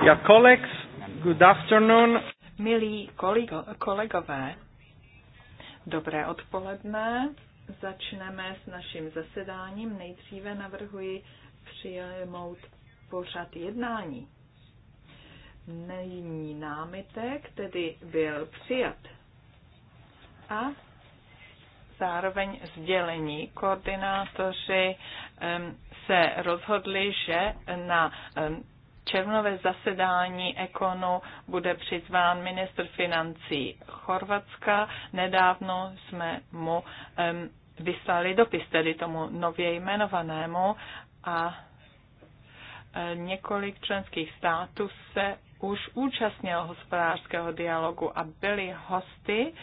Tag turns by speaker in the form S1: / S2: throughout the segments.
S1: Dear colleagues, good afternoon. Milí kolego, kolegové, dobré odpoledne. Začneme s naším zasedáním. Nejdříve navrhuji přijmout pořad jednání. Není námitek, tedy byl přijat. A zároveň sdělení. Koordinátoři se rozhodli, že na červnové zasedání Ekonu bude přizván ministr financí Chorvatska. Nedávno jsme mu um, vyslali dopis, tedy tomu nově jmenovanému, a e, několik členských států se už účastnilo hospodářského dialogu a byli hosty uh,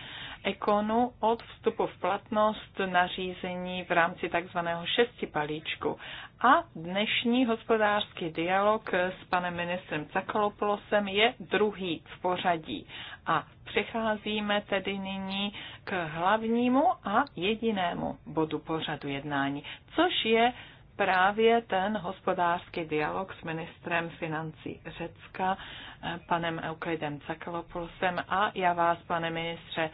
S1: ekonu od vstupu v platnost nařízení v rámci takzvaného šesti palíčku. A dnešní hospodářský dialog s panem ministrem Cakaloplosem je druhý v pořadí. A přecházíme tedy nyní k hlavnímu a jedinému bodu pořadu jednání, což je právě ten hospodářský dialog s ministrem financí Řecka, eh, panem Euklidem Cakalopulsem a já vás, pane ministře,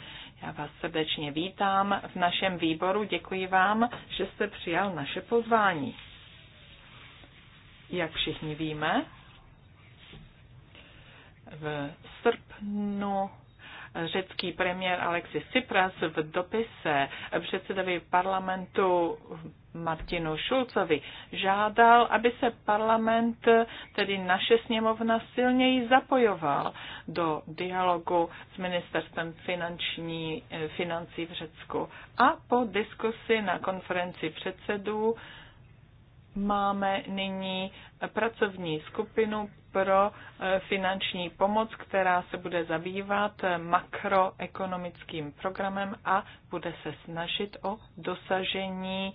S1: já vás srdečně vítám v našem výboru. Děkuji vám, že jste přijal naše pozvání. Jak všichni víme, v srpnu řecký premiér Alexis Tsipras v dopise předsedovi parlamentu Martinu Šulcovi žádal, aby se parlament, tedy naše sněmovna, silněji zapojoval do dialogu s ministerstvem finanční, eh, financí v Řecku. A po diskusi na konferenci předsedů máme nyní pracovní skupinu pro eh, finanční pomoc, která se bude zabývat eh, makroekonomickým programem a bude se snažit o dosažení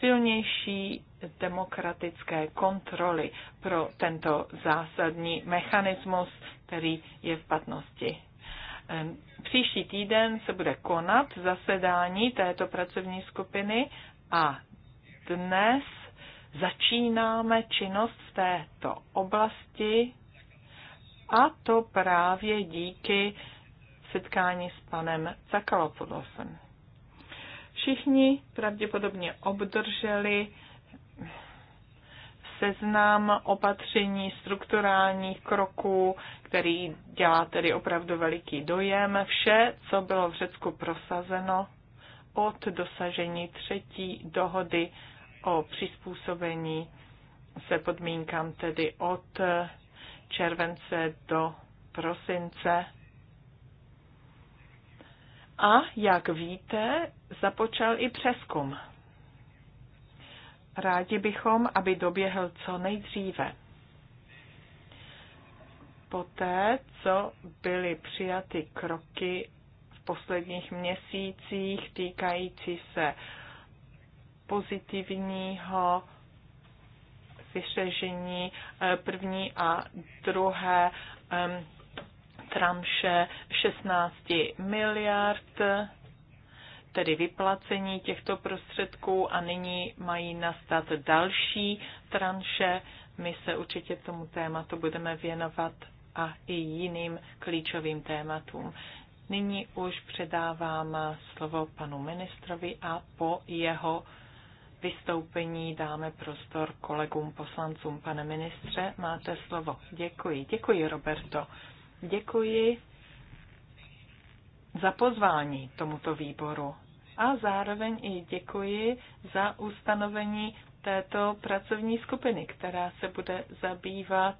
S1: silnější demokratické kontroly pro tento zásadní mechanismus, který je v platnosti. Příští týden se bude konat zasedání této pracovní skupiny a dnes začínáme činnost v této oblasti a to právě díky setkání s panem Zakalopoulosem. Všichni pravděpodobně obdrželi seznam opatření, strukturálních kroků, který dělá tedy opravdu veliký dojem. Vše, co bylo v Řecku prosazeno od dosažení třetí dohody o přizpůsobení se podmínkám, tedy od července do prosince. A jak víte, započal i přeskum. Rádi bychom, aby doběhl co nejdříve. Poté, co byly přijaty kroky v posledních měsících týkající se pozitivního vyřešení eh, první a druhé tramše 16 miliard tedy vyplacení těchto prostředků a nyní mají nastat další tranše. My se určitě tomu tématu budeme věnovat a i jiným klíčovým tématům. Nyní už předávám slovo panu ministrovi a po jeho vystoupení dáme prostor kolegům poslancům. Pane ministře, máte slovo. Děkuji. Děkuji, Roberto. Děkuji za pozvání tomuto výboru a zároveň i děkuji za ustanovení této pracovní skupiny, která se bude zabývat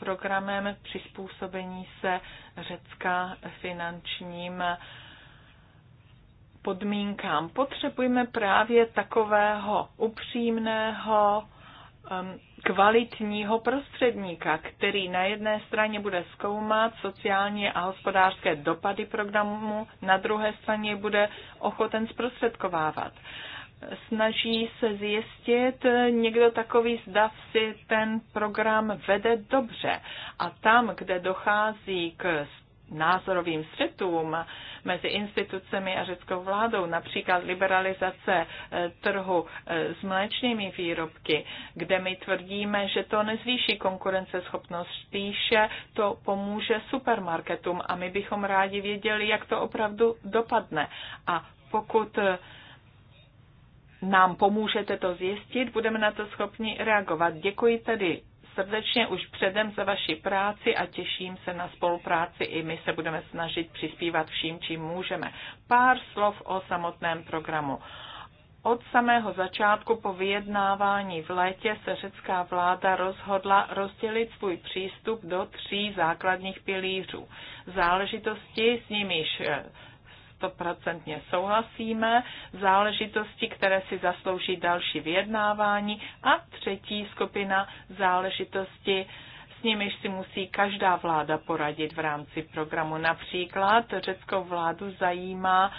S1: programem přizpůsobení se řecká finančním podmínkám. Potřebujeme právě takového upřímného, um, kvalitního prostředníka, který na jedné straně bude zkoumat sociální a hospodářské dopady programu, na druhé straně bude ochoten zprostředkovávat. Snaží se zjistit někdo takový, zda si ten program vede dobře. A tam, kde dochází k názorovým střetům mezi institucemi a řeckou vládou, například liberalizace eh, trhu eh, s mléčnými výrobky, kde my tvrdíme, že to nezvýší konkurenceschopnost, spíše to pomůže supermarketům a my bychom rádi věděli, jak to opravdu dopadne. A pokud eh, nám pomůžete to zjistit, budeme na to schopni reagovat. Děkuji tedy srdečně už předem za vaši práci a těším se na spolupráci. I my se budeme snažit přispívat vším, čím můžeme. Pár slov o samotném programu. Od samého začátku po vyjednávání v létě se řecká vláda rozhodla rozdělit svůj přístup do tří základních pilířů. Záležitosti, s nimiž eh, stoprocentně souhlasíme, záležitosti, které si zaslouží další vyjednávání a třetí skupina záležitosti, s nimiž si musí každá vláda poradit v rámci programu. Například řeckou vládu zajímá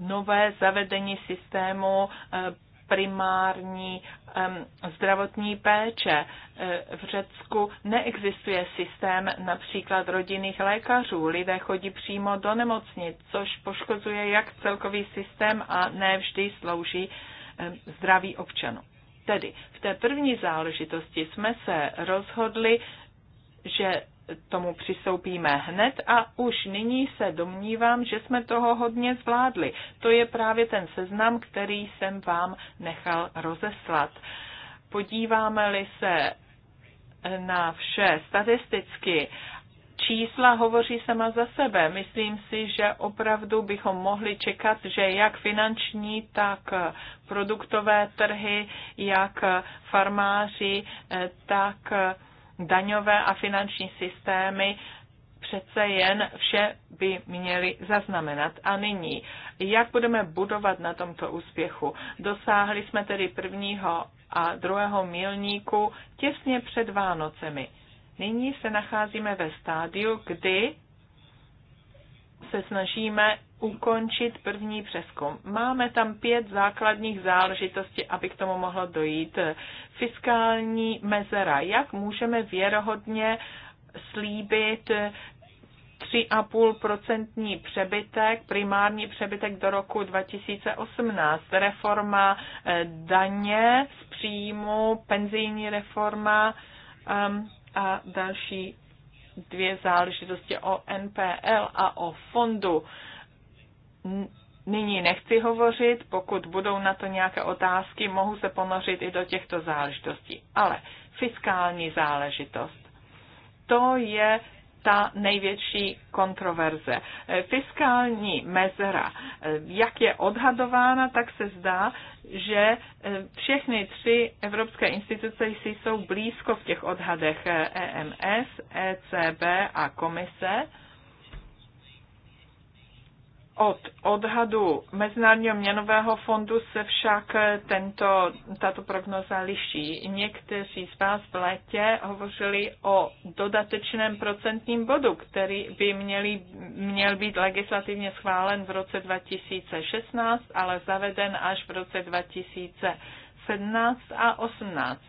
S1: nové zavedení systému eh, primární zdravotní péče. E, v Řecku neexistuje systém například rodinných lékařů. Lidé chodí přímo do nemocnic, což poškozuje jak celkový systém a ne vždy slouží zdraví občanů. Tedy v té první záležitosti jsme se rozhodli, že tomu přisoupíme hned a už nyní se domnívám, že jsme toho hodně zvládli. To je právě ten seznam, který jsem vám nechal rozeslat. Podíváme-li se na vše statisticky, čísla hovoří sama za sebe. Myslím si, že opravdu bychom mohli čekat, že jak finanční, tak produktové trhy, jak farmáři, eh, tak eh, daňové a finanční systémy přece jen vše by měli zaznamenat. A nyní, jak budeme budovat na tomto úspěchu? Dosáhli jsme tedy prvního a druhého milníku těsně před Vánocemi. Nyní se nacházíme ve stádiu, kdy se snažíme ukončit první přeskum. Máme tam pět základních záležitostí, aby k tomu mohlo dojít. Fiskální mezera. Jak můžeme věrohodně slíbit 3,5% přebytek, primární přebytek do roku 2018, reforma eh, daně z příjmu, penzijní reforma ehm, a další dvě záležitosti o NPL a o fondu. Nyní nechci hovořit, pokud budou na to nějaké otázky, mohu se ponořit i do těchto záležitostí. Ale fiskální záležitost, to je ta největší kontroverze. Fiskální mezera, jak je odhadována, tak se zdá, že eh, všechny tři evropské instituce si jsou blízko v těch odhadech EMS, eh, e ECB a komise od odhadu Mezinárodního měnového fondu se však tento, tato prognoza liší. Někteří z vás v létě hovořili o dodatečném procentním bodu, který by měli, měl být legislativně schválen v roce 2016, ale zaveden až v roce 2017 a 2018.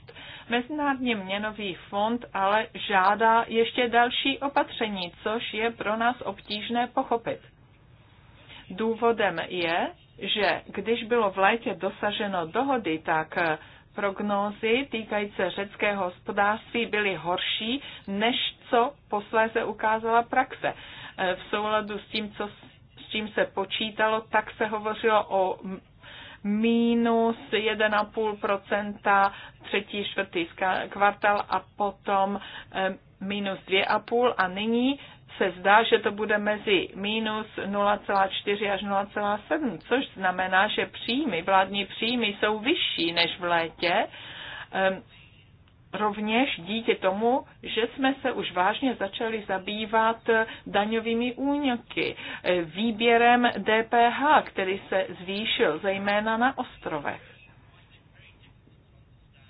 S1: Mezinárodní měnový fond ale žádá ještě další opatření, což je pro nás obtížné pochopit Důvodem je, že když bylo v létě dosaženo dohody, tak eh, prognózy týkající řeckého hospodářství byly horší, než co posléze ukázala praxe. Eh, v souladu s tím, co, s čím se počítalo, tak se hovořilo o minus 1,5 třetí, čtvrtý kvartál a potom eh, minus 2,5 a nyní se zdá, že to bude mezi minus 0,4 až 0,7, což znamená, že příjmy, vládní příjmy jsou vyšší než v létě. Ehm, rovněž díky tomu, že jsme se už vážně začali zabývat daňovými úniky, e, výběrem DPH, který se zvýšil zejména na ostrovech.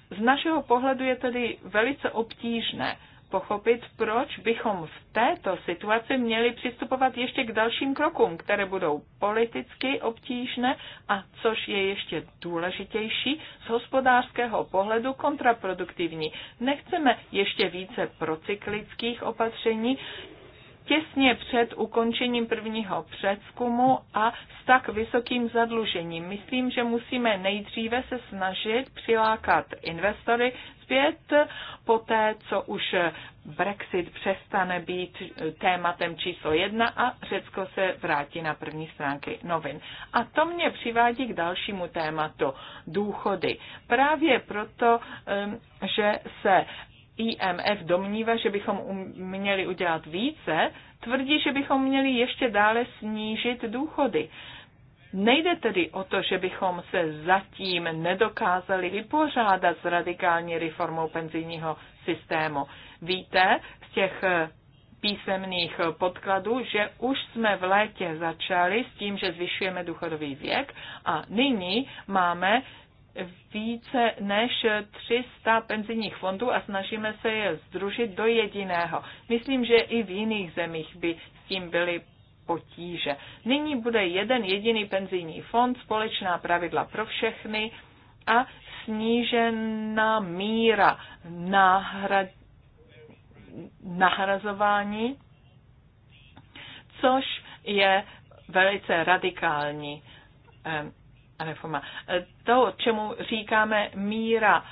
S1: Z našeho pohledu je tedy velice obtížné pochopit, proč bychom v této situaci měli přistupovat ještě k dalším krokům, které budou politicky obtížné a, což je ještě důležitější, z hospodářského pohledu kontraproduktivní. Nechceme ještě více procyklických opatření, těsně před ukončením prvního předzkumu a s tak vysokým zadlužením. Myslím, že musíme nejdříve se snažit přilákat investory zpět po té, co už Brexit přestane být tématem číslo jedna a Řecko se vrátí na první stránky novin. A to mě přivádí k dalšímu tématu, důchody. Právě proto, že se IMF domnívá, že bychom měli udělat více, tvrdí, že bychom měli ještě dále snížit důchody. Nejde tedy o to, že bychom se zatím nedokázali vypořádat s radikální reformou penzijního systému. Víte z těch eh, písemných podkladů, že už jsme v létě začali s tím, že zvyšujeme důchodový věk a nyní máme více než 300 penzijních fondů a snažíme se je združit do jediného. Myslím, že i v jiných zemích by s tím byly potíže. Nyní bude jeden jediný penzijní fond, společná pravidla pro všechny a snížená míra nahra... nahrazování, což je velice radikální eh, reforma. E, to, čemu říkáme míra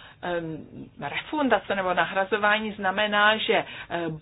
S1: refundace nebo nahrazování, znamená, že e,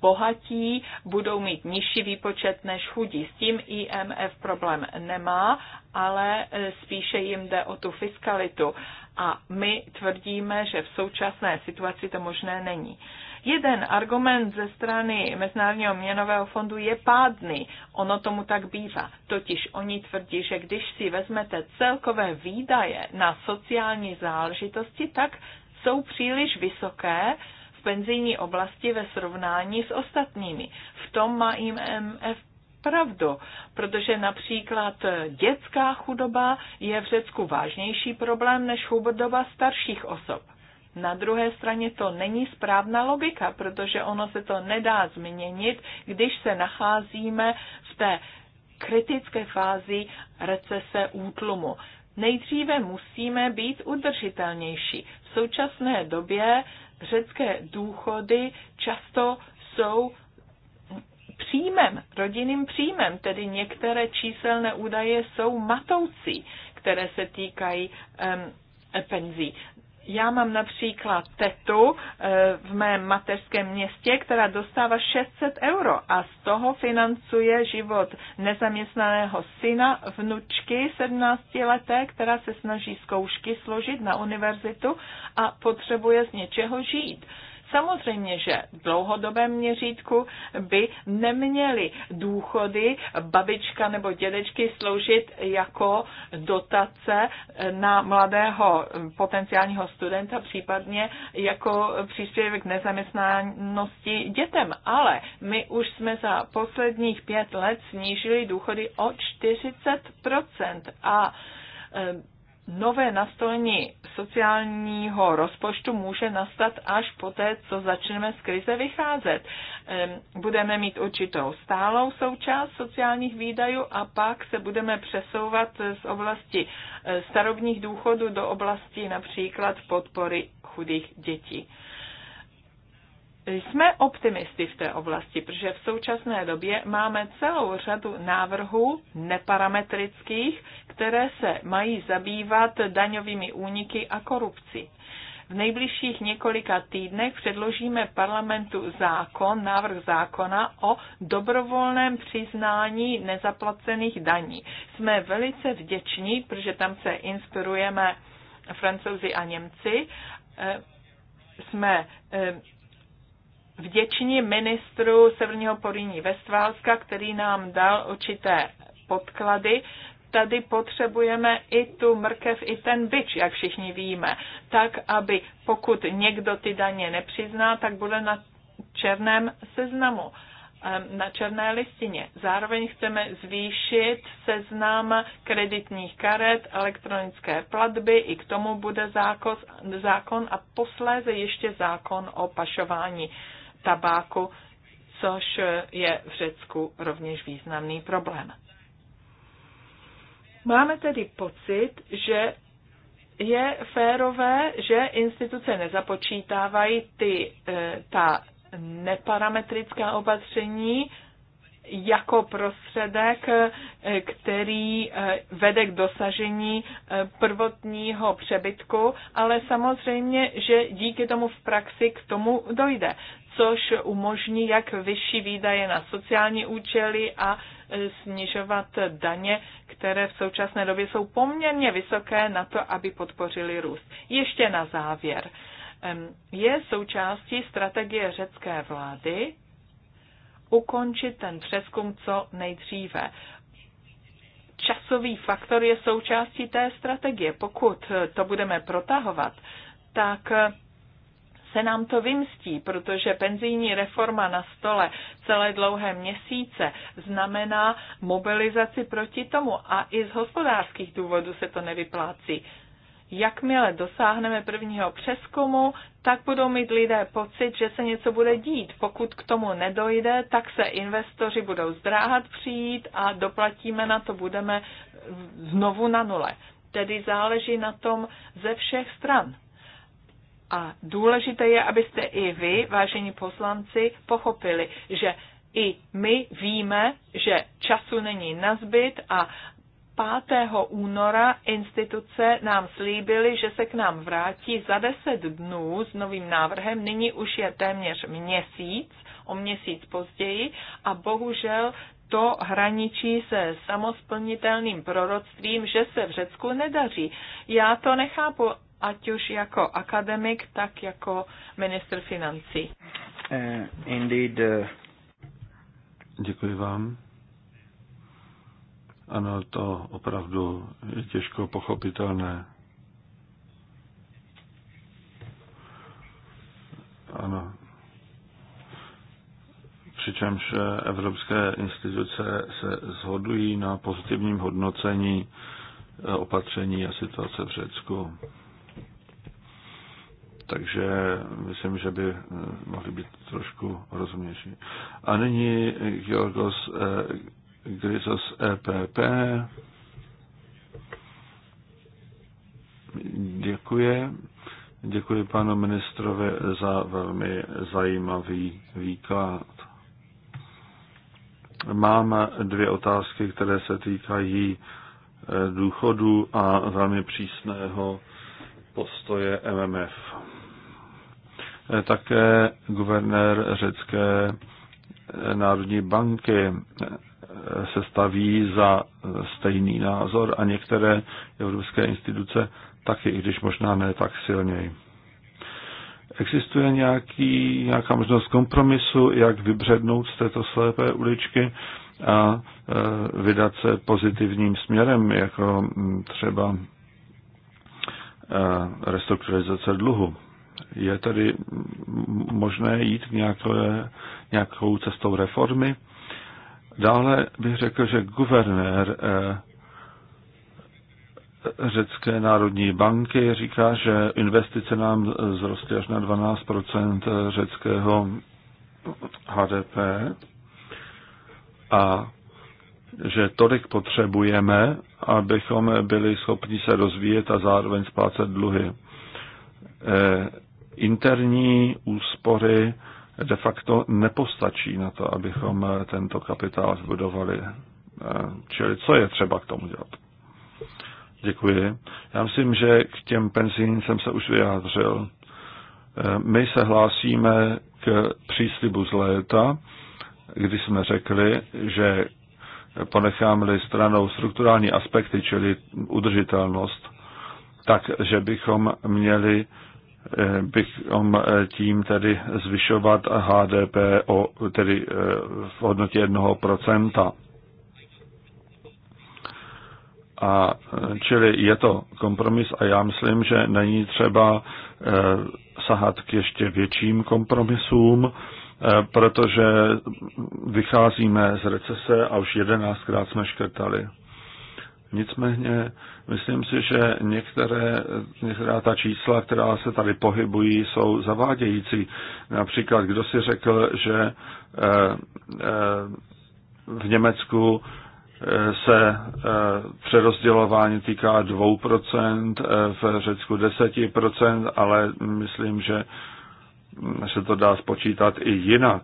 S1: bohatí budou mít nižší výpočet než chudí. S tím IMF problém nemá, ale e, spíše jim jde o tu fiskalitu. A my tvrdíme, že v současné situaci to možné není. Jeden argument ze strany Mezinárodního měnového fondu je pádný. Ono tomu tak bývá. Totiž oni tvrdí, že když si vezmete celkové výdaje na sociální záležitosti, tak jsou příliš vysoké v penzijní oblasti ve srovnání s ostatními. V tom má IMF pravdu, protože například dětská chudoba je v Řecku vážnější problém než chudoba starších osob na druhé straně to není správná logika, protože ono se to nedá změnit, když se nacházíme v té kritické fázi recese útlumu. Nejdříve musíme být udržitelnější. V současné době řecké důchody často jsou příjmem, rodinným příjmem, tedy některé číselné údaje jsou matoucí, které se týkají um, penzí. Já mám například tetu eh, v mém mateřském městě, která dostává 600 euro a z toho financuje život nezaměstnaného syna, vnučky 17 leté, která se snaží zkoušky složit na univerzitu a potřebuje z něčeho žít. Samozřejmě, že v dlouhodobém měřítku by neměly důchody babička nebo dědečky sloužit jako dotace na mladého potenciálního studenta, případně jako příspěvek k nezaměstnanosti dětem. Ale my už jsme za posledních pět let snížili důchody o 40% a nové nastolení sociálního rozpočtu může nastat až po té, co začneme z krize vycházet. Budeme mít určitou stálou součást sociálních výdajů a pak se budeme přesouvat z oblasti eh, starobních důchodů do oblasti například podpory chudých dětí. Jsme optimisty v té oblasti, protože v současné době máme celou řadu návrhů neparametrických, které se mají zabývat daňovými úniky a korupcí. V nejbližších několika týdnech předložíme parlamentu zákon, návrh zákona o dobrovolném přiznání nezaplacených daní. Jsme velice vděční, protože tam se inspirujeme francouzi a Němci. Eh, jsme eh, vděční ministru Severního Poríní Vestválska, který nám dal určité podklady. Tady potřebujeme i tu mrkev, i ten byč, jak všichni víme, tak, aby pokud někdo ty daně nepřizná, tak bude na černém seznamu na černé listině. Zároveň chceme zvýšit seznam kreditních karet, elektronické platby, i k tomu bude zákon, zákon a posléze ještě zákon o pašování tabáku, což je v Řecku rovněž významný problém. Máme tedy pocit, že je férové, že instituce nezapočítávají ty, eh, ta neparametrická opatření jako prostředek, eh, který eh, vede k dosažení prvotního přebytku, ale samozřejmě, že díky tomu v praxi k tomu dojde což umožní jak vyšší výdaje na sociální účely a e, snižovat daně, které v současné době jsou poměrně vysoké na to, aby podpořili růst. Ještě na závěr. Je součástí strategie řecké vlády ukončit ten přeskum co nejdříve. Časový faktor je součástí té strategie. Pokud to budeme protahovat, tak se nám to vymstí, protože penzijní reforma na stole celé dlouhé měsíce znamená mobilizaci proti tomu a i z hospodářských důvodů se to nevyplácí. Jakmile dosáhneme prvního přeskumu, tak budou mít lidé pocit, že se něco bude dít. Pokud k tomu nedojde, tak se investoři budou zdráhat přijít a doplatíme na to, budeme znovu na nule. Tedy záleží na tom ze všech stran a důležité je, abyste i vy, vážení poslanci, pochopili, že i my víme, že času není nazbyt a 5. února instituce nám slíbily, že se k nám vrátí za 10 dnů s novým návrhem. Nyní už je téměř měsíc, o měsíc později a bohužel to hraničí se samosplnitelným proroctvím, že se v Řecku nedaří. Já to nechápu ať už jako akademik, tak jako minister financí.
S2: Uh, indeed. Uh...
S3: Děkuji vám. Ano, to opravdu je těžko pochopitelné. Ano. Přičemž evropské instituce se shodují na pozitivním hodnocení opatření a situace v Řecku. Takže myslím, že by eh, mohli být trošku rozumnější. A nyní Georgos eh, Grisos EPP. Děkuji. Děkuji panu ministrovi za velmi zajímavý výklad. Mám dvě otázky, které se týkají eh, důchodu a velmi přísného postoje MMF. Eh, také guvernér řecké eh, národní banky eh, se staví za stejný názor a některé evropské instituce taky, i když možná ne tak silněji. Existuje nějaký, nějaká možnost kompromisu, jak vybřednout z této slépé uličky a e, vydat se pozitivním směrem, jako mm, třeba e, restrukturalizace dluhu. Je tedy možné jít k nějaké, nějakou cestou reformy? Dále bych řekl, že guvernér eh, Řecké národní banky říká, že investice nám zrostly až na 12 řeckého HDP a že tolik potřebujeme, abychom byli schopni se rozvíjet a zároveň splácet dluhy. Eh, interní úspory de facto nepostačí na to, abychom tento kapitál zbudovali. Eh, čili co je třeba k tomu dělat? Děkuji. Já myslím, že k těm penzijním jsem se už vyjádřil. Eh, my se hlásíme k příslibu z léta, kdy jsme řekli, že ponecháme-li stranou strukturální aspekty, čili udržitelnost, tak, že bychom měli Eh, bychom eh, tím tedy zvyšovat HDP o, tedy eh, v hodnotě 1%. A čili je to kompromis a já myslím, že není třeba sahat k ještě větším kompromisům, protože vycházíme z recese a už jedenáctkrát jsme škrtali. Nicméně myslím si, že některé, některá ta čísla, která se tady pohybují, jsou zavádějící. Například, kdo si řekl, že eh, eh, v Německu eh, se přerozdělování týká 2%, v Řecku 10%, ale myslím, že mm, se to dá spočítat i jinak.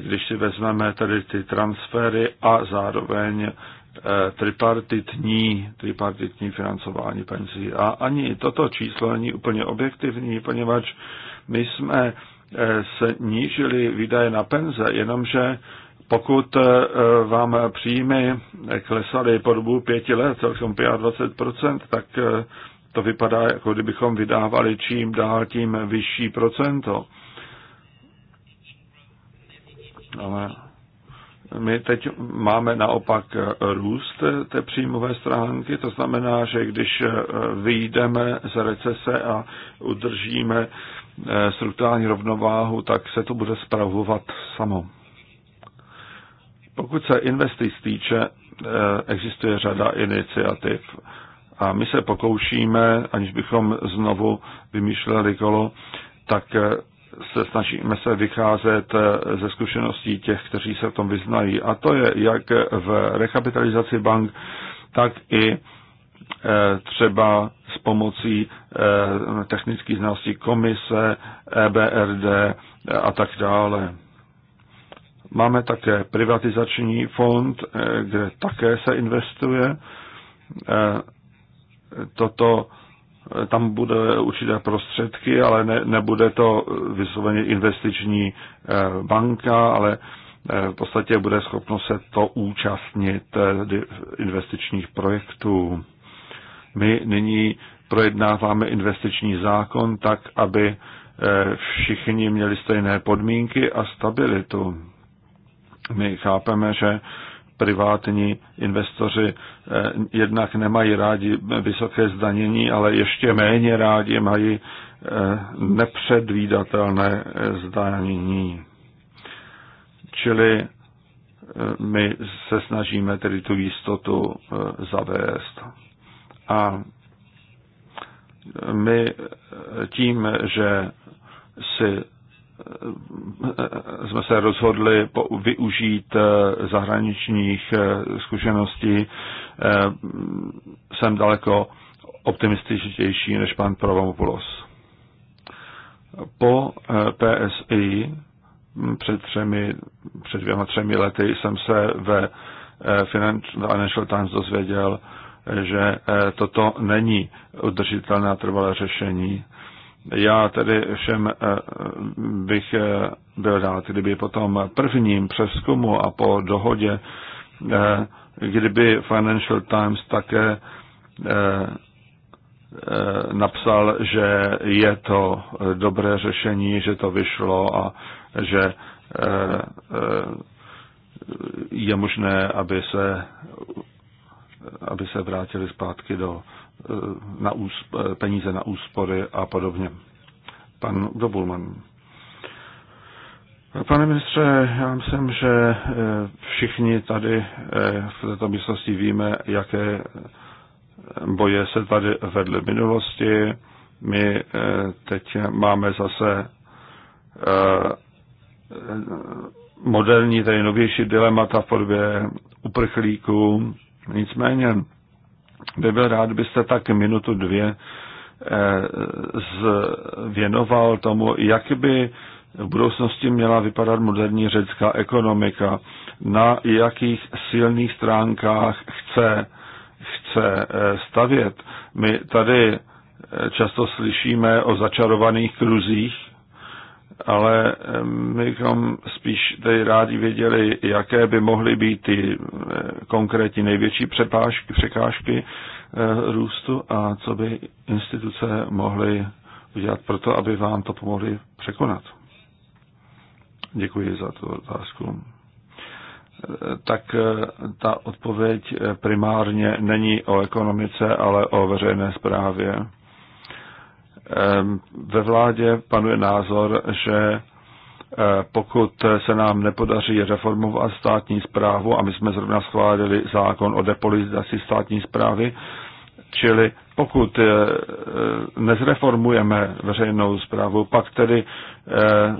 S3: Když si vezmeme tedy ty transfery a zároveň Eh, tripartitní, tripartitní financování penzí. A ani toto číslo není úplně objektivní, poněvadž my jsme eh, se nížili výdaje na penze, jenomže pokud eh, vám příjmy klesaly po dobu pěti let, celkem 25%, tak to vypadá, jako kdybychom vydávali čím dál tím vyšší procento. Ale my teď máme naopak růst té příjmové stránky, to znamená, že když vyjdeme z recese a udržíme eh, strukturální rovnováhu, tak se to bude spravovat samo. Pokud se investic týče, eh, existuje řada iniciativ a my se pokoušíme, aniž bychom znovu vymýšleli kolo, tak eh, se snažíme se vycházet eh, ze zkušeností těch, kteří se v tom vyznají. A to je jak v rekapitalizaci bank, tak i eh, třeba s pomocí eh, technických znalostí komise, EBRD a tak dále. Máme také privatizační fond, kde také se investuje. Toto tam bude určité prostředky, ale ne, nebude to vysloveně investiční eh, banka, ale eh, v podstatě bude schopno se to účastnit eh, investičních projektů. My nyní projednáváme investiční zákon tak, aby všichni měli stejné podmínky a stabilitu. My chápeme, že privátní investoři eh, jednak nemají rádi vysoké zdanění, ale ještě méně rádi mají eh, nepředvídatelné eh, zdanění. Čili my se snažíme tedy tu jistotu zavést. A my tím, že si Eh, jsme se rozhodli využít eh, zahraničních eh, zkušeností. Jsem daleko optimističtější než pan Provamopoulos. Po PSI hm, před třemi, před dvěma, třemi lety jsem se ve Financial Times dozvěděl, že toto není udržitelné a trvalé řešení. Já tedy všem eh, bych eh, byl rád, kdyby po tom prvním přeskumu a po dohodě, eh, kdyby Financial Times také napsal, že je to dobré řešení, že to vyšlo a že je možné, aby se, aby se vrátili zpátky do Eh, na úsp- eh, peníze na úspory a podobně. Pan Dobulman. Pane ministře, já myslím, že eh, všichni tady v této místnosti víme, jaké boje se tady vedly v minulosti. My teď máme zase moderní, tedy novější dilemata v podobě uprchlíků. Nicméně by byl rád, byste tak minutu dvě eh, věnoval tomu, jak by v budoucnosti měla vypadat moderní řecká ekonomika, na jakých silných stránkách chce, chce eh, stavět. My tady eh, často slyšíme o začarovaných kruzích, ale my bychom spíš tady rádi věděli, jaké by mohly být ty eh, konkrétní největší přepážky, překážky eh, růstu a co by instituce mohly udělat pro to, aby vám to pomohli překonat. Děkuji za tu otázku. Eh, tak ta odpověď primárně není o ekonomice, ale o veřejné správě. Ve vládě panuje názor, že eh, pokud se nám nepodaří reformovat státní zprávu, a my jsme zrovna schválili zákon o depolitizaci státní zprávy, čili pokud eh, nezreformujeme veřejnou zprávu, pak tedy eh,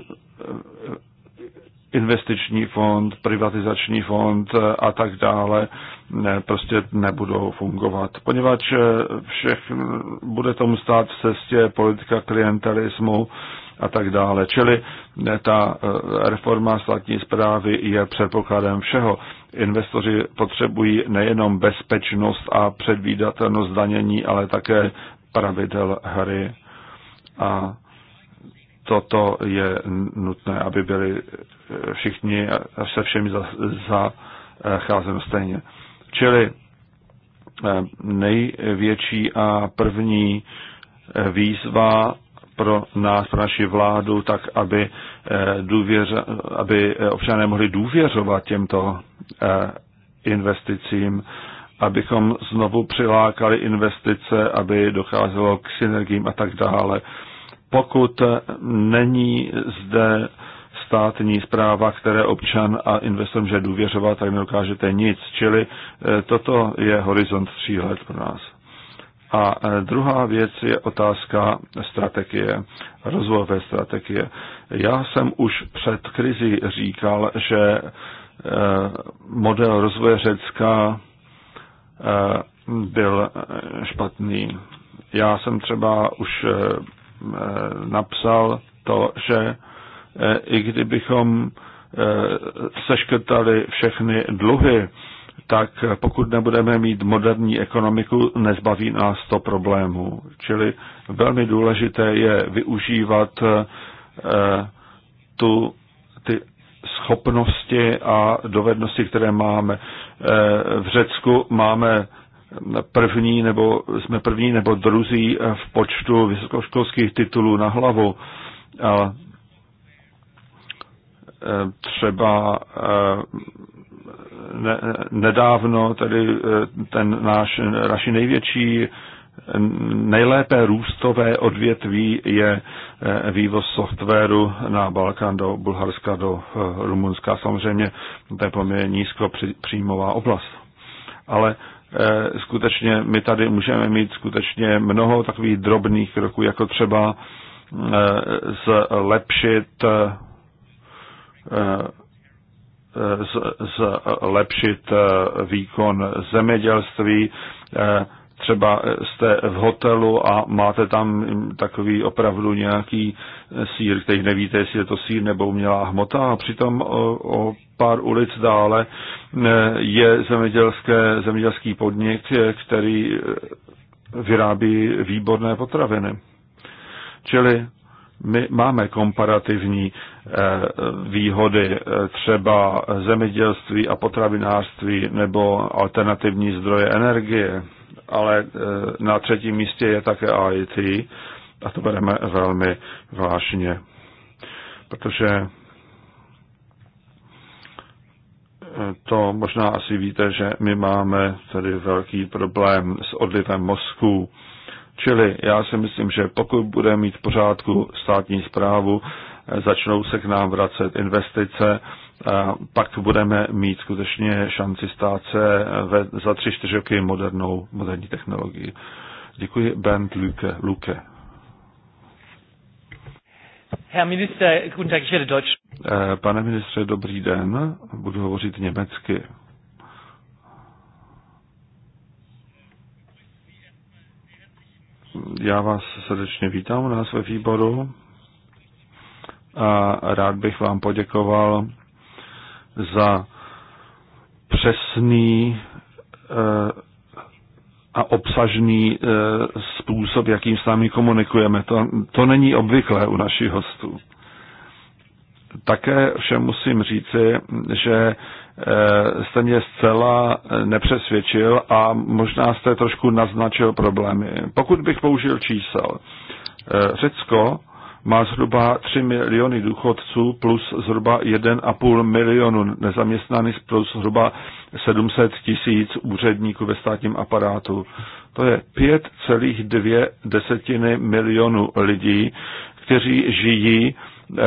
S3: investiční fond, privatizační fond eh, a tak dále ne, prostě nebudou fungovat, poněvadž eh, všech bude tomu stát v cestě politika klientelismu a tak dále. Čili ne, eh, ta reforma státní zprávy je předpokladem všeho. Investoři potřebují nejenom bezpečnost a předvídatelnost danění, ale také pravidel hry. A toto je nutné, aby byli eh, všichni se všemi zacházeno za, eh, stejně. Čili eh, největší a první výzva pro nás, pro naši vládu, tak aby, důvěř, aby občané mohli důvěřovat těmto investicím, abychom znovu přilákali investice, aby docházelo k synergím a tak dále pokud není zde státní zpráva, které občan a investor může důvěřovat, tak neukážete nic. Čili eh, toto je horizont tří let pro nás. A eh, druhá věc je otázka strategie, rozvojové strategie. Já jsem už před krizi říkal, že eh, model rozvoje Řecka byl špatný. Já jsem třeba už Eh, napsal to, že eh, i kdybychom eh, seškrtali všechny dluhy, tak pokud nebudeme mít moderní ekonomiku, nezbaví nás to problémů. Čili velmi důležité je využívat tu, ty schopnosti a dovednosti, které máme. V Řecku máme první nebo, jsme první nebo druzí v počtu vysokoškolských titulů na hlavu. A e, třeba e, nedávno tedy e, ten náš, naši největší nejlépe růstové odvětví je vývoz softwaru na Balkán do Bulharska, do Rumunska. Samozřejmě to je poměrně nízkopříjmová oblast. Ale Eh, skutečně my tady můžeme mít skutečně mnoho takových drobných kroků, jako třeba eh, zlepšit eh, zlepšit výkon zemědělství. Třeba jste v hotelu a máte tam takový opravdu nějaký sír, který nevíte, jestli je to sír nebo umělá hmota a přitom o, o pár ulic dále eh, je zemědělské, zemědělský podnik, eh, který eh, vyrábí výborné potraviny. Čili my máme komparativní výhody třeba zemědělství a potravinářství nebo alternativní zdroje energie, ale na třetím místě je také IT a to bereme velmi vážně, protože to možná asi víte, že my máme tady velký problém s odlivem mozků. Čili já si myslím, že pokud bude mít v pořádku státní zprávu, začnou se k nám vracet investice, a pak budeme mít skutečně šanci stát se ve, za tři, čtyři roky modernou, moderní technologii. Děkuji Bernd Luke. Luke.
S2: Herr Minister, guten Tag, ich werde Deutsch.
S3: Eh, pane ministře, dobrý den, budu hovořit německy. Já vás srdečně vítám na své výboru a rád bych vám poděkoval za přesný eh, a obsažný eh, způsob, jakým s námi komunikujeme. To, to není obvyklé u našich hostů. Také všem musím říci, že eh, jste mě zcela nepřesvědčil a možná jste trošku naznačil problémy. Pokud bych použil čísel, eh, Řecko má zhruba 3 miliony důchodců plus zhruba 1,5 milionu nezaměstnaných plus zhruba 700 tisíc úředníků ve státním aparátu. To je 5,2 desetiny milionu lidí, kteří žijí eh,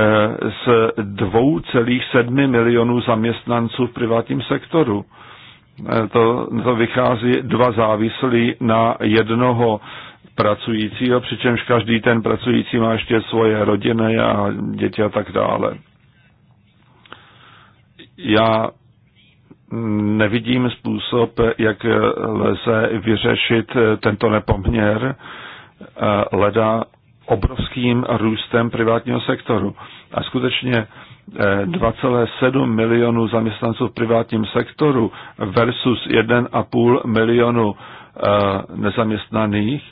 S3: z 2,7 milionů zaměstnanců v privátním sektoru. Eh, to, to vychází dva závislí na jednoho pracujícího, přičemž každý ten pracující má ještě svoje rodiny a děti a tak dále. Já nevidím způsob, jak lze vyřešit tento nepoměr eh, leda obrovským růstem privátního sektoru. A skutečně 2,7 eh, milionů zaměstnanců v privátním sektoru versus 1,5 milionu eh, nezaměstnaných,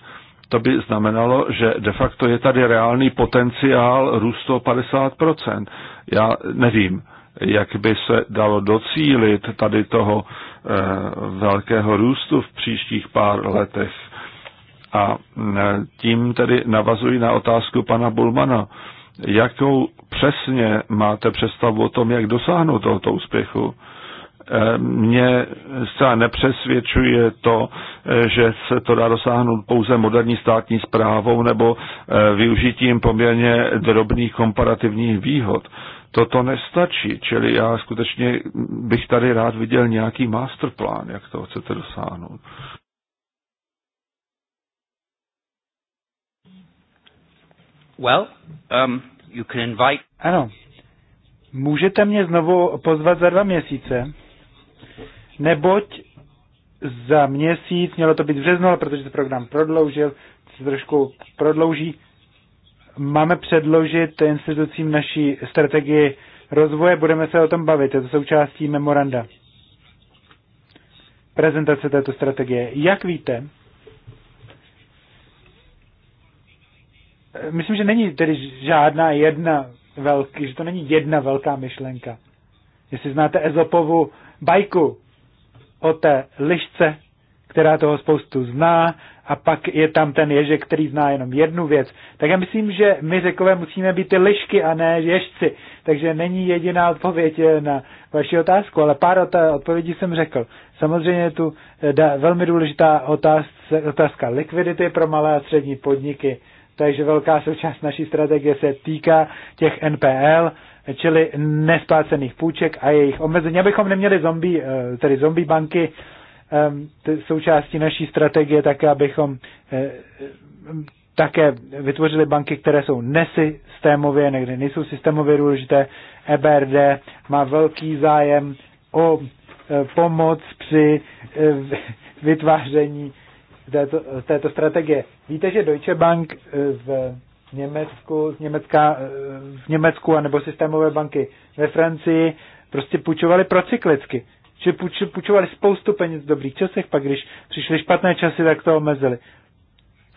S3: to by znamenalo, že de facto je tady reálný potenciál růstu 50%. Já nevím, jak by se dalo docílit tady toho e, velkého růstu v příštích pár letech. A eh, tím tedy navazuji na otázku pana Bulmana. Jakou přesně máte představu o tom, jak dosáhnout tohoto úspěchu? mě zcela nepřesvědčuje to, že se to dá dosáhnout pouze moderní státní zprávou nebo eh, využitím poměrně drobných komparativních výhod. Toto nestačí, čili já skutečně bych tady rád viděl nějaký masterplán, jak to chcete dosáhnout.
S1: Well, um,
S2: you can invite... Ano, Můžete mě znovu pozvat za dva měsíce? neboť za měsíc, mělo to být březno, ale protože se program prodloužil, se trošku prodlouží, máme předložit institucím naší strategii rozvoje, budeme se o tom bavit, je to součástí memoranda. Prezentace této strategie. Jak víte, myslím, že není tedy žádná jedna velký, že to není jedna velká myšlenka. Jestli znáte Ezopovu bajku, o té lišce, která toho spoustu zná, a pak je tam ten ježek, který zná jenom jednu věc. Tak já myslím, že my řekové musíme být ty lišky a ne ježci. Takže není jediná odpověď na vaši otázku, ale pár odpovědí jsem řekl. Samozřejmě je tu eh, velmi důležitá otázka, otázka likvidity pro malé a střední podniky. Takže velká součást naší strategie se týká těch NPL, čili nesplácených půjček a jejich omezení, abychom neměli zombie, eh, tedy zombie banky ehm, součástí naší strategie, také abychom eh, také vytvořili banky, které jsou nesystémově, někdy nejsou systémově důležité. EBRD má velký zájem o eh, pomoc při vytváření této, této strategie. Víte, že Deutsche Bank v Německu, z Německa, v Německu anebo systémové banky ve Francii prostě půjčovali procyklicky. Že půjčovali spoustu peněz v dobrých časech, pak když přišly špatné časy, tak to omezili.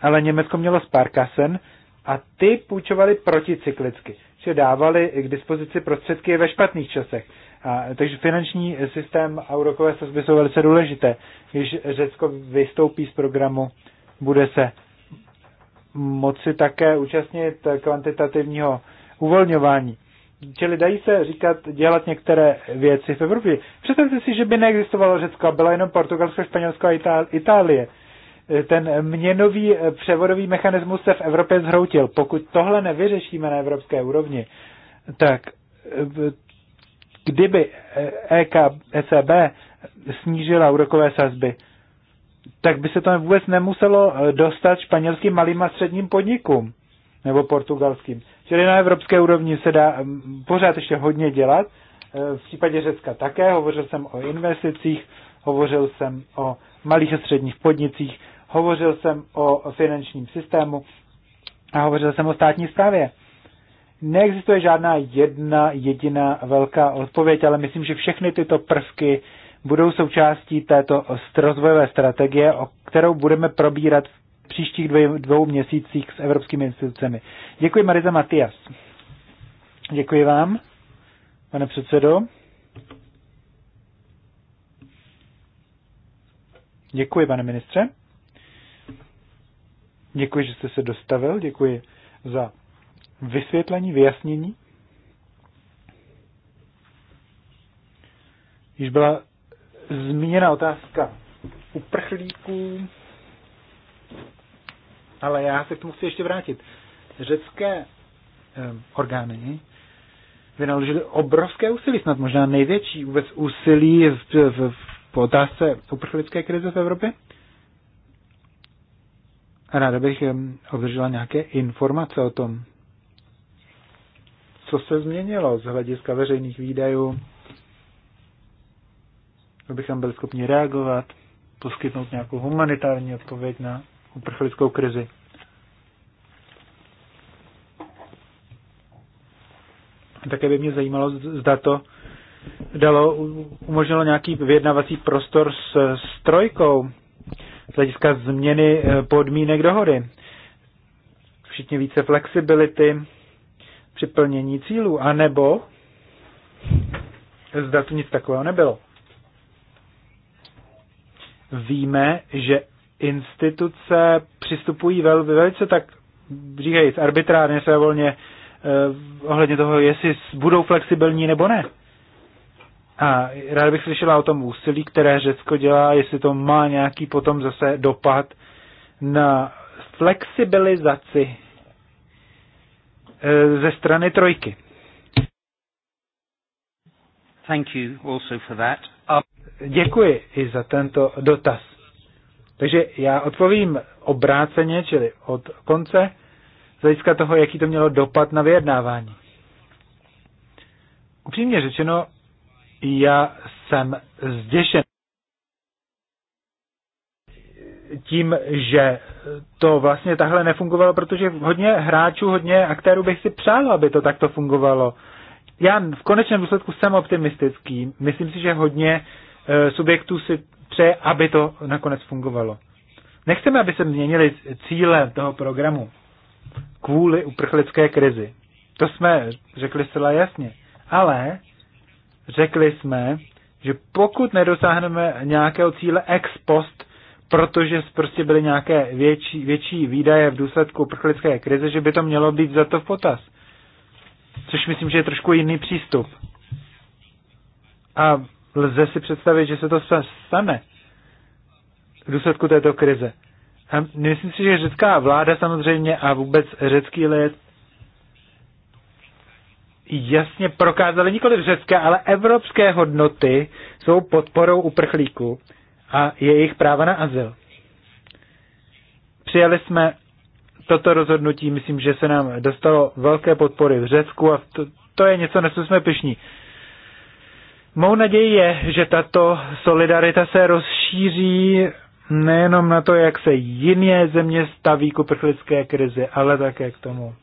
S2: Ale Německo mělo Sparkassen a ty půjčovali proticyklicky, že dávali k dispozici prostředky ve špatných časech. A, takže finanční systém a úrokové sazby jsou velice důležité. Když Řecko vystoupí z programu, bude se moci také účastnit kvantitativního uvolňování. Čili dají se říkat, dělat některé věci v Evropě. Představte si, že by neexistovalo Řecko, byla jenom Portugalsko, Španělsko a Itálie. Ten měnový převodový mechanismus se v Evropě zhroutil. Pokud tohle nevyřešíme na evropské úrovni, tak eh, kdyby EK, eh, e ECB snížila úrokové sazby, tak by se to vůbec nemuselo eh, dostat španělským malým a středním podnikům nebo portugalským. Čili na evropské úrovni se dá mm, pořád ještě hodně dělat. Eh, v případě Řecka také, hovořil jsem o investicích, hovořil jsem o malých a středních podnicích, hovořil jsem o finančním systému a hovořil jsem o státní stavě. Neexistuje žádná jedna jediná velká odpověď, ale myslím, že všechny tyto prvky budou součástí této rozvojové strategie, o kterou budeme probírat v příštích dvou měsících s evropskými institucemi. Děkuji Mariza Matias. Děkuji vám, pane předsedo. Děkuji, pane ministře. Děkuji, že jste se dostavil. Děkuji za vysvětlení, vyjasnění. Již byla zmíněna otázka uprchlíků, ale já se k tomu chci ještě vrátit. Řecké eh, orgány vynaložili obrovské úsilí, snad možná největší vůbec úsilí v, v, v otázce uprchlické krize v Evropě. Ráda bych ehm, obdržela nějaké informace o tom, co se změnilo z hlediska veřejných výdajů, abychom byli schopni reagovat, poskytnout nějakou humanitární odpověď na uprchlickou krizi. Také by mě zajímalo, zda to dalo, umožnilo nějaký vyjednavací prostor s, s trojkou z hlediska změny eh, podmínek dohody. Všichni více flexibility při plnění cílů, anebo zda to nic takového nebylo víme, že instituce přistupují vel, velice tak, říkají, arbitrárně své volně eh, ohledně toho, jestli budou flexibilní nebo ne. A rád bych slyšela o tom úsilí, které Řecko dělá, jestli to má nějaký potom zase dopad na flexibilizaci eh, ze strany trojky. Thank you also for that. Um děkuji i za tento dotaz. Takže já odpovím obráceně, čili od konce, z hlediska toho, jaký to mělo dopad na vyjednávání. Upřímně řečeno, já jsem zděšen tím, že to vlastně takhle nefungovalo, protože hodně hráčů, hodně aktérů bych si přál, aby to takto fungovalo. Já v konečném důsledku jsem optimistický. Myslím si, že hodně Eh, subjektů si pře, aby to nakonec fungovalo. Nechceme, aby se měnili cíle toho programu kvůli uprchlické krizi. To jsme řekli zcela jasně. Ale řekli jsme, že pokud nedosáhneme nějakého cíle ex post, protože prostě byly nějaké větší, větší výdaje v důsledku uprchlické krize, že by to mělo být za to v potaz. Což myslím, že je trošku jiný přístup. A lze si představit, že se to stane v důsledku této krize. A myslím si, že řecká vláda samozřejmě a vůbec řecký lid jasně prokázali nikoli řecké, ale evropské hodnoty jsou podporou uprchlíků a jejich práva na azyl. Přijali jsme toto rozhodnutí, myslím, že se nám dostalo velké podpory v Řecku a to, to je něco, na co jsme pišní. Mou naději je, že tato solidarita se rozšíří nejenom na to, jak se jiné země staví k uprchlické krizi, ale také k tomu,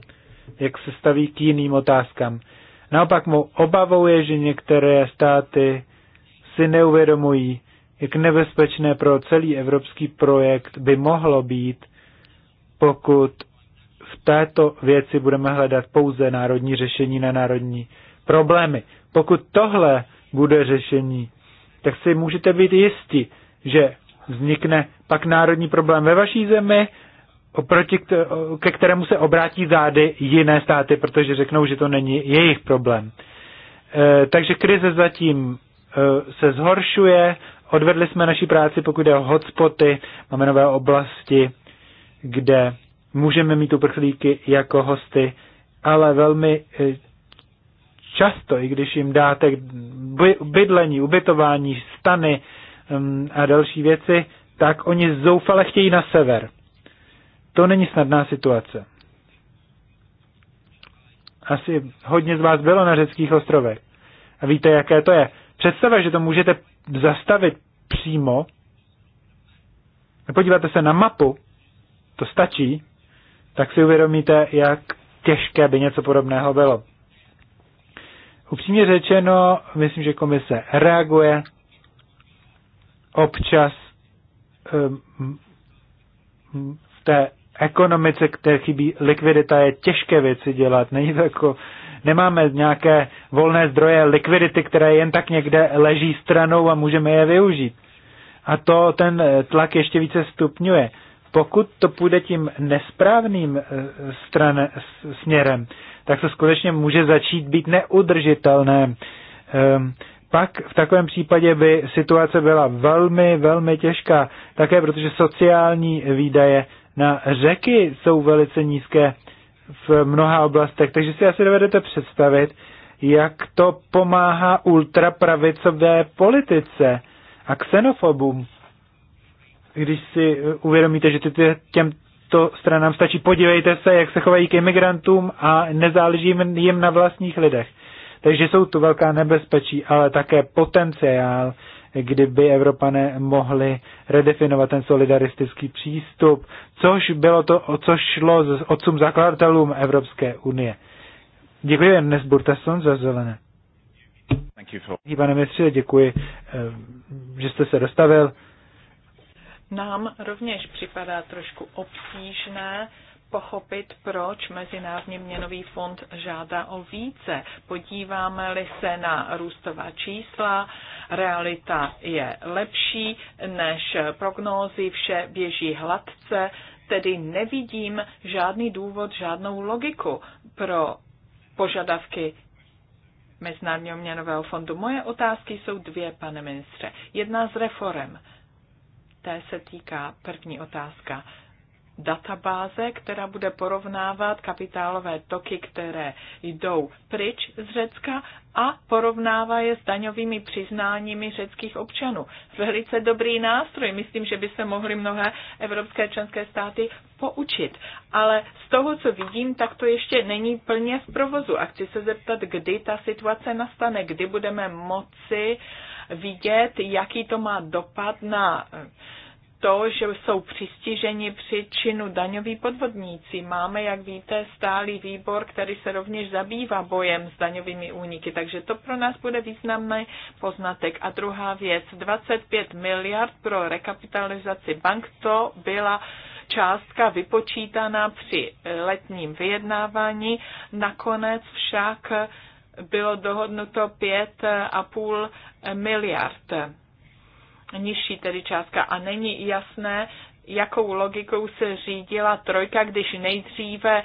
S2: jak se staví k jiným otázkám. Naopak mou obavou je, že některé státy si neuvědomují, jak nebezpečné pro celý evropský projekt by mohlo být, pokud v této věci budeme hledat pouze národní řešení na národní problémy. Pokud tohle bude řešení, tak si můžete být jisti, že vznikne pak národní problém ve vaší zemi, oproti, ke kterému se obrátí zády jiné státy, protože řeknou, že to není jejich problém. E, takže krize zatím e, se zhoršuje, odvedli jsme naši práci, pokud jde o hotspoty, máme nové oblasti, kde můžeme mít uprchlíky jako hosty, ale velmi e, často, i když jim dáte bydlení, ubytování, stany um, a další věci, tak oni zoufale chtějí na sever. To není snadná situace. Asi hodně z vás bylo na řeckých ostrovech. A víte, jaké to je. Představa, že to můžete zastavit přímo. Podíváte se na mapu, to stačí, tak si uvědomíte, jak těžké by něco podobného bylo. Upřímně řečeno, myslím, že komise reaguje. Občas ehm, v té ekonomice, které chybí likvidita, je těžké věci dělat. Není to jako, nemáme nějaké volné zdroje likvidity, které jen tak někde leží stranou a můžeme je využít. A to ten tlak ještě více stupňuje pokud to půjde tím nesprávným eh, stran, směrem, tak to skutečně může začít být neudržitelné. Ehm, pak v takovém případě by situace byla velmi, velmi těžká, také protože sociální výdaje na řeky jsou velice nízké v mnoha oblastech. Takže si asi dovedete představit, jak to pomáhá ultrapravicové politice a xenofobům když si uvědomíte, že těm těmto stranám stačí, podívejte se, jak se chovají k imigrantům a nezáleží jim na vlastních lidech. Takže jsou tu velká nebezpečí, ale také potenciál, kdyby Evropané mohli redefinovat ten solidaristický přístup, což bylo to, o co šlo s otcům zakladatelům Evropské unie. Děkuji, Ernest Burtason, za zelené. Pane ministře, děkuji, eh, že jste se dostavil.
S1: Nám rovněž připadá trošku obtížné pochopit, proč Mezinárodní měnový fond žádá o více. Podíváme-li se na růstová čísla, realita je lepší než prognózy, vše běží hladce, tedy nevidím žádný důvod, žádnou logiku pro požadavky Mezinárodního měnového fondu. Moje otázky jsou dvě, pane ministře. Jedna z reform. Té se týká první otázka databáze, která bude porovnávat kapitálové toky, které jdou pryč z Řecka a porovnává je s daňovými přiznáními řeckých občanů. Velice dobrý nástroj, myslím, že by se mohly mnohé evropské členské státy poučit. Ale z toho, co vidím, tak to ještě není plně v provozu. A chci se zeptat, kdy ta situace nastane, kdy budeme moci uh, vidět, jaký to má dopad na to, že jsou přistiženi při činu daňoví podvodníci. Máme, jak víte, stálý výbor, který se rovněž zabývá bojem s daňovými úniky, takže to pro nás bude významný poznatek. A druhá věc, 25 miliard pro rekapitalizaci bank, to byla částka vypočítaná při letním vyjednávání. Nakonec však bylo dohodnuto 5,5 miliard. Nižší tedy částka. A není jasné, jakou logikou se řídila trojka, když nejdříve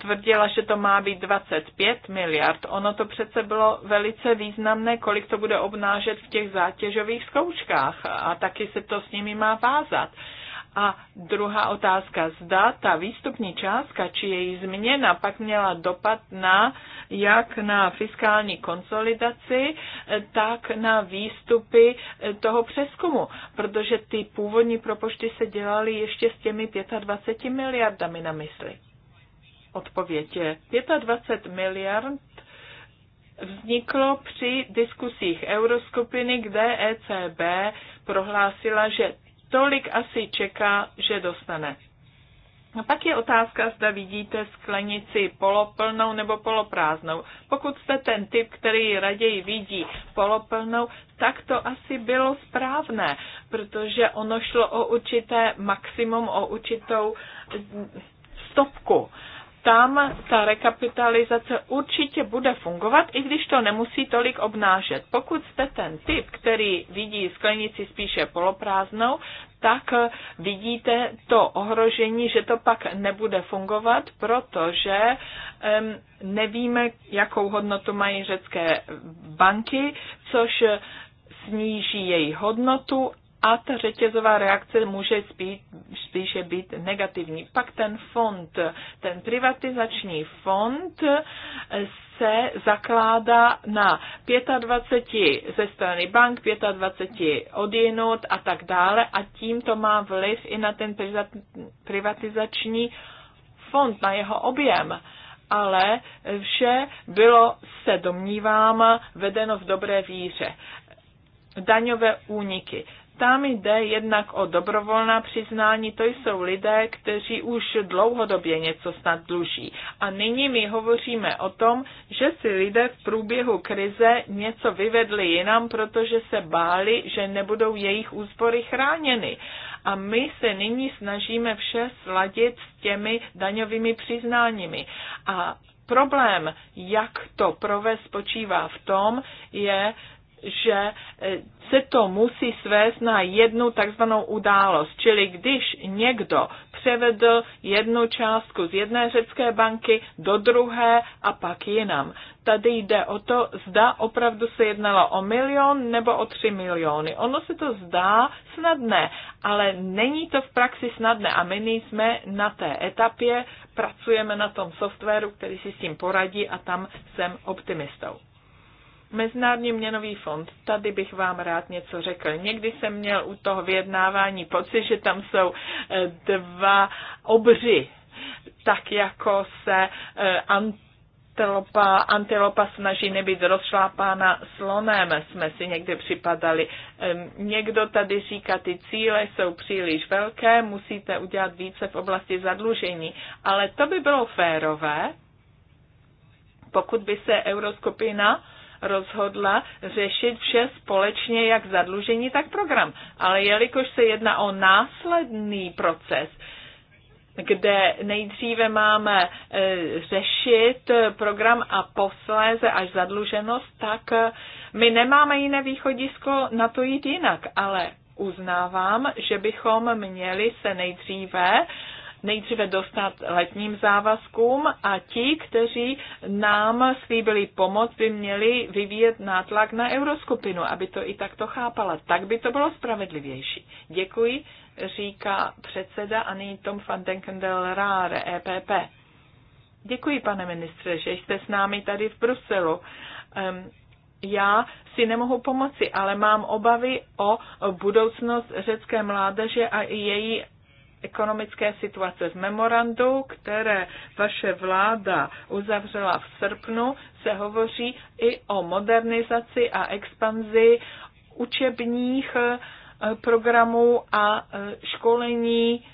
S1: tvrdila, že to má být 25 miliard. Ono to přece bylo velice významné, kolik to bude obnážet v těch zátěžových zkouškách a taky se to s nimi má vázat. A druhá otázka, zda ta výstupní částka či její změna pak měla dopad na jak na fiskální konsolidaci, tak na výstupy toho přeskumu, protože ty původní propočty se dělaly ještě s těmi 25 miliardami na mysli. Odpověď je 25 miliard vzniklo při diskusích euroskupiny, kde ECB prohlásila, že tolik asi čeká, že dostane. A pak je otázka, zda vidíte sklenici poloplnou nebo poloprázdnou. Pokud jste ten typ, který raději vidí poloplnou, tak to asi bylo správné, protože ono šlo o určité maximum, o určitou stopku tam ta rekapitalizace určitě bude fungovat, i když to nemusí tolik obnášet. Pokud jste ten typ, který vidí sklenici spíše poloprázdnou, tak vidíte to ohrožení, že to pak nebude fungovat, protože um, nevíme, jakou hodnotu mají řecké banky, což sníží její hodnotu a ta řetězová reakce může spíš, spíše být negativní. Pak ten fond, ten privatizační fond se zakládá na 25 ze strany bank, 25 od jinot a tak dále a tím to má vliv i na ten privatizační fond, na jeho objem ale vše bylo, se domnívám, vedeno v dobré víře. Daňové úniky, tam jde jednak o dobrovolná přiznání, to jsou lidé, kteří už dlouhodobě něco snad dluží. A nyní my hovoříme o tom, že si lidé v průběhu krize něco vyvedli jinam, protože se báli, že nebudou jejich úspory chráněny. A my se nyní snažíme vše sladit s těmi daňovými přiznáními. A problém, jak to provést, spočívá v tom, je, že eh, se to musí svést na jednu takzvanou událost. Čili když někdo převedl jednu částku z jedné řecké banky do druhé a pak jinam. Tady jde o to, zda opravdu se jednalo o milion nebo o tři miliony. Ono se to zdá snadné, ale není to v praxi snadné a my nejsme na té etapě, pracujeme na tom softwaru, který si s tím poradí a tam jsem optimistou. Mezinárodní měnový fond, tady bych vám rád něco řekl. Někdy jsem měl u toho vyjednávání pocit, že tam jsou eh, dva obři, tak jako se eh, antilopa, antilopa snaží nebýt rozšlápána slonem, jsme si někde připadali. Někdo tady říká, ty cíle jsou příliš velké, musíte udělat více v oblasti zadlužení, ale to by bylo férové, pokud by se euroskupina rozhodla řešit vše společně, jak zadlužení, tak program. Ale jelikož se jedná o následný proces, kde nejdříve máme e, řešit program a posléze až zadluženost, tak e, my nemáme jiné východisko na to jít jinak, ale uznávám, že bychom měli se nejdříve nejdříve dostat letním závazkům a ti, kteří nám slíbili pomoc, by měli vyvíjet nátlak na euroskupinu, aby to i takto chápala. Tak by to bylo spravedlivější. Děkuji, říká předseda a nyní Tom van Denkendel Ráre, EPP. Děkuji, pane ministře, že jste s námi tady v Bruselu. Um, já si nemohu pomoci, ale mám obavy o budoucnost řecké mládeže a její ekonomické situace z memorandu, které vaše vláda uzavřela v srpnu, se hovoří i o modernizaci a expanzi učebních eh, programů a eh, školení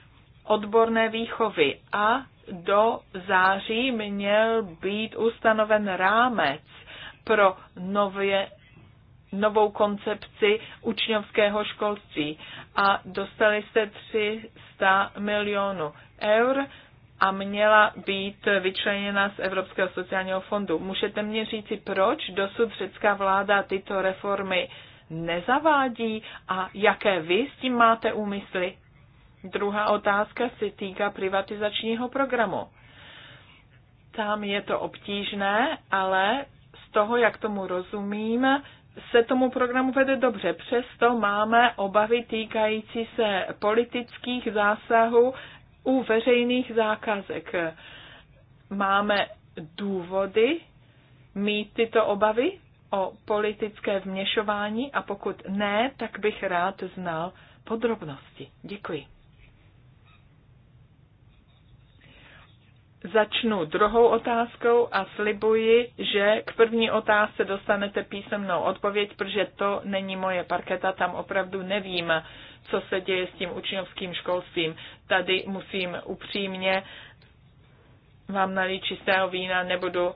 S1: odborné výchovy. A do září měl být ustanoven rámec pro nově novou koncepci učňovského školství a dostali jste 300 milionů eur a měla být vyčleněna z Evropského sociálního fondu. Můžete mě říci, proč dosud řecká vláda tyto reformy nezavádí a jaké vy s tím máte úmysly? Druhá otázka se týká privatizačního programu. Tam je to obtížné, ale z toho, jak tomu rozumím, se tomu programu vede dobře. Přesto máme obavy týkající se politických zásahů u veřejných zákazek. Máme důvody mít tyto obavy o politické vměšování a pokud ne, tak bych rád znal podrobnosti. Děkuji. začnu druhou otázkou a slibuji, že k první otázce dostanete písemnou odpověď, protože to není moje parketa, tam opravdu nevím, co se děje s tím učňovským školstvím. Tady musím upřímně vám nalít čistého vína, nebudu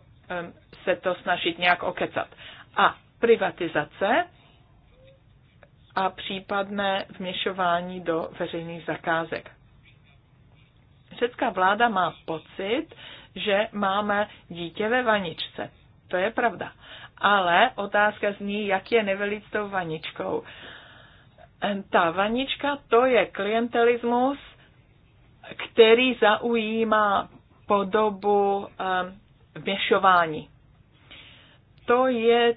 S1: se to snažit nějak okecat. A privatizace a případné vměšování do veřejných zakázek. Řecká vláda má pocit, že máme dítě ve vaničce. To je pravda. Ale otázka zní, jak je nevelit s tou vaničkou. Ta vanička to je klientelismus, který zaujímá podobu um, věšování. To je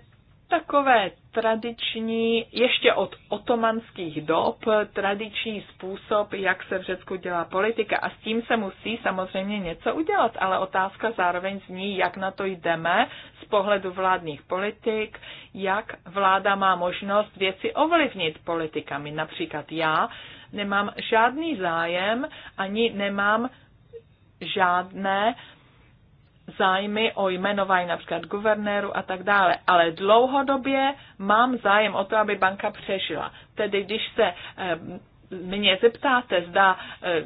S1: takové tradiční, ještě od otomanských dob, tradiční způsob, jak se v Řecku dělá politika. A s tím se musí samozřejmě něco udělat, ale otázka zároveň zní, jak na to jdeme z pohledu vládních politik, jak vláda má možnost věci ovlivnit politikami. Například já nemám žádný zájem, ani nemám žádné uh, zájmy o jmenování například guvernéru a tak dále, ale dlouhodobě mám zájem o to, aby banka přežila. Tedy když se eh, mě zeptáte, zda eh,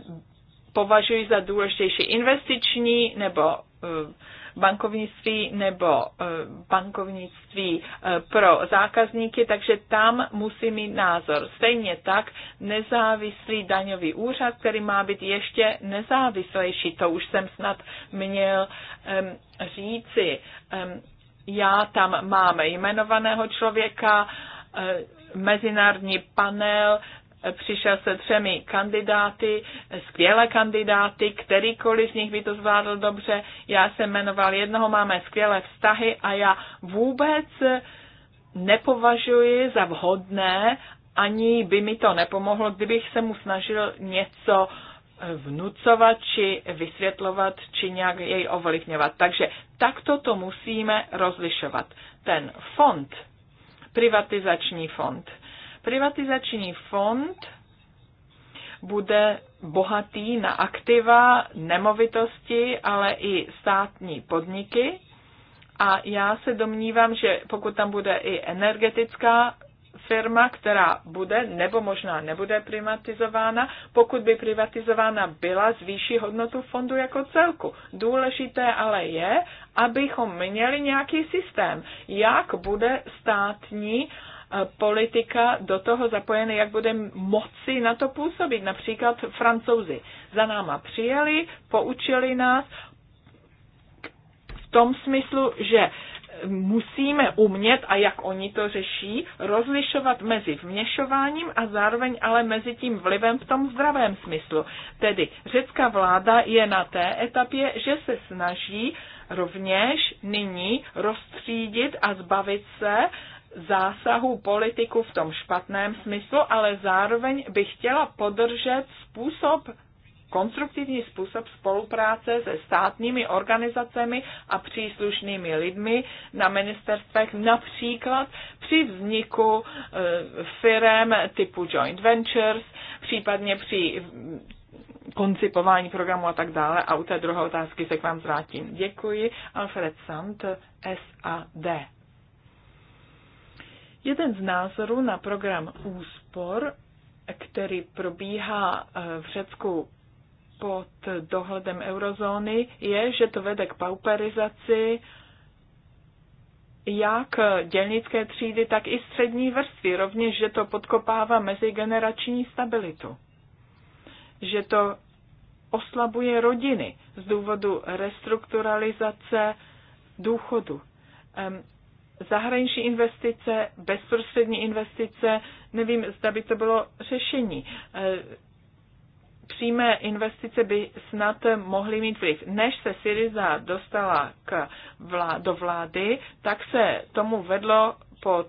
S1: považuji za důležitější investiční nebo eh, bankovnictví nebo eh, bankovnictví eh, pro zákazníky, takže tam musí mít názor. Stejně tak nezávislý daňový úřad, který má být ještě nezávislejší, to už jsem snad měl um, říci. Um, já tam mám jmenovaného člověka, eh, mezinárodní panel přišel se třemi kandidáty, skvělé kandidáty, kterýkoliv z nich by to zvládl dobře. Já jsem jmenoval jednoho, máme skvělé vztahy a já vůbec nepovažuji za vhodné, ani by mi to nepomohlo, kdybych se mu snažil něco vnucovat či vysvětlovat či nějak jej ovlivňovat. Takže takto to musíme rozlišovat. Ten fond, privatizační fond, Privatizační fond bude bohatý na aktiva, nemovitosti, ale i státní podniky. A já se domnívám, že pokud tam bude i energetická firma, která bude nebo možná nebude privatizována, pokud by privatizována byla, zvýší hodnotu fondu jako celku. Důležité ale je, abychom měli nějaký systém, jak bude státní politika do toho zapojena, jak bude moci na to působit. Například francouzi za náma přijeli, poučili nás v tom smyslu, že musíme umět, a jak oni to řeší, rozlišovat mezi vměšováním a zároveň ale mezi tím vlivem v tom zdravém smyslu. Tedy řecká vláda je na té etapě, že se snaží rovněž nyní rozstřídit a zbavit se uh, zásahu politiků v tom špatném smyslu, ale zároveň bych chtěla podržet způsob konstruktivní způsob spolupráce se státními organizacemi a příslušnými lidmi na ministerstvech, například při vzniku e, firem typu joint ventures, případně při koncipování programu a tak dále. A u té druhé otázky se k vám zvrátím. Děkuji. Alfred Sand, SAD. Jeden z názorů na program úspor, který probíhá eh, v Řecku pod dohledem eurozóny, je, že to vede k pauperizaci jak dělnické třídy, tak i střední vrstvy. Rovněž, že to podkopává mezigenerační stabilitu. Že to oslabuje rodiny z důvodu restrukturalizace důchodu zahraniční investice, bezprostřední investice, nevím, zda by to bylo řešení. E, přímé investice by snad mohly mít vliv. Než se Syriza dostala k vlá- do vlády, tak se tomu vedlo pod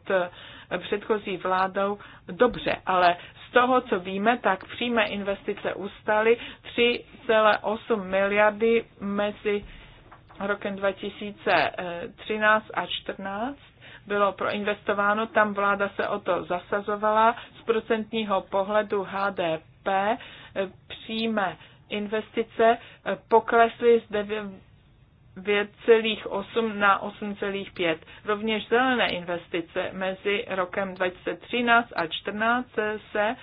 S1: předchozí vládou dobře, ale z toho, co víme, tak přímé investice ustaly 3,8 miliardy mezi rokem 2013 a 2014 bylo proinvestováno, tam vláda se o to zasazovala. Z procentního pohledu HDP eh, přímé investice eh, poklesly z 9,8 na 8,5. Rovněž zelené investice mezi rokem 2013 a 2014 eh, se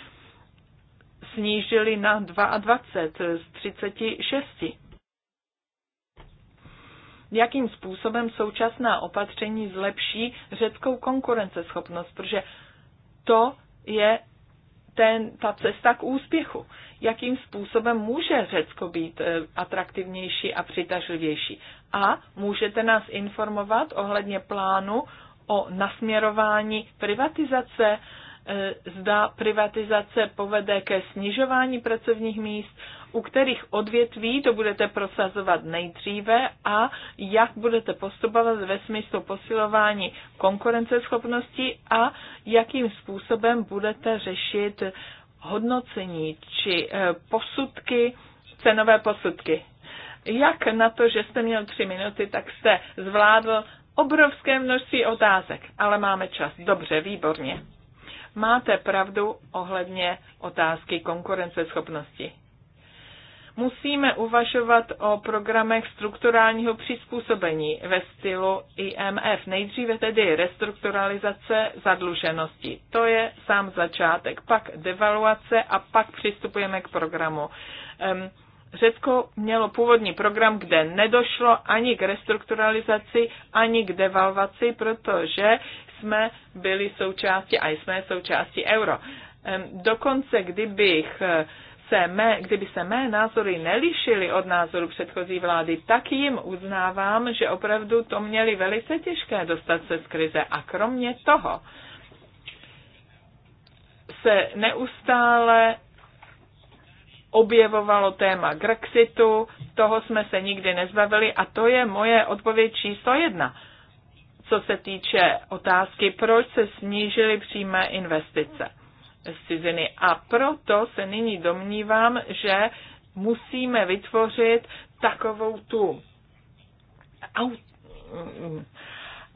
S1: snížily na 22 z 36 jakým způsobem současná opatření zlepší řeckou konkurenceschopnost, protože to je ten, ta cesta k úspěchu. Jakým způsobem může Řecko být eh, atraktivnější a přitažlivější? A můžete nás informovat ohledně plánu o nasměrování privatizace E, zda privatizace povede ke snižování pracovních míst, u kterých odvětví to budete prosazovat nejdříve a jak budete postupovat ve smyslu posilování konkurenceschopnosti a jakým způsobem budete řešit hodnocení či e, posudky, cenové posudky. Jak na to, že jste měl tři minuty, tak jste zvládl obrovské množství otázek, ale máme čas. Dobře, výborně. Máte pravdu ohledně otázky konkurenceschopnosti. Musíme uvažovat o programech strukturálního přizpůsobení ve stylu IMF, nejdříve tedy restrukturalizace zadluženosti. To je sám začátek, pak devaluace a pak přistupujeme k programu. Um, Řecko mělo původní program, kde nedošlo ani k restrukturalizaci, ani k devalvaci, protože jsme byli součástí a jsme součástí euro. Dokonce, kdybych eh, se mé, kdyby se mé názory nelišily od názoru předchozí vlády, tak jim uznávám, že opravdu to měli velice těžké dostat se z krize. A kromě toho se neustále objevovalo téma Grexitu, toho jsme se nikdy nezbavili a to je moje odpověď číslo jedna co se týče otázky, proč se snížily přímé investice z ciziny. A proto se nyní domnívám, že musíme vytvořit takovou tu mm, mm,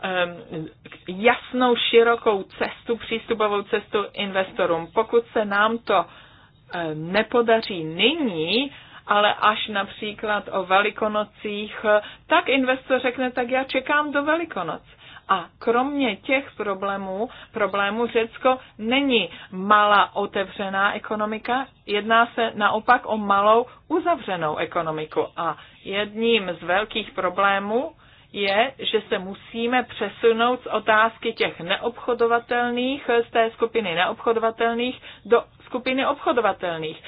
S1: mm, jasnou, širokou cestu, přístupovou cestu investorům. Pokud se nám to eh, nepodaří nyní, ale až například o velikonocích, eh, tak investor řekne, tak já čekám do velikonoc. A kromě těch problémů, problémů Řecko není malá otevřená ekonomika, jedná se naopak o malou uzavřenou ekonomiku. A jedním z velkých problémů je, že se musíme přesunout z otázky těch neobchodovatelných, z té skupiny neobchodovatelných do skupiny obchodovatelných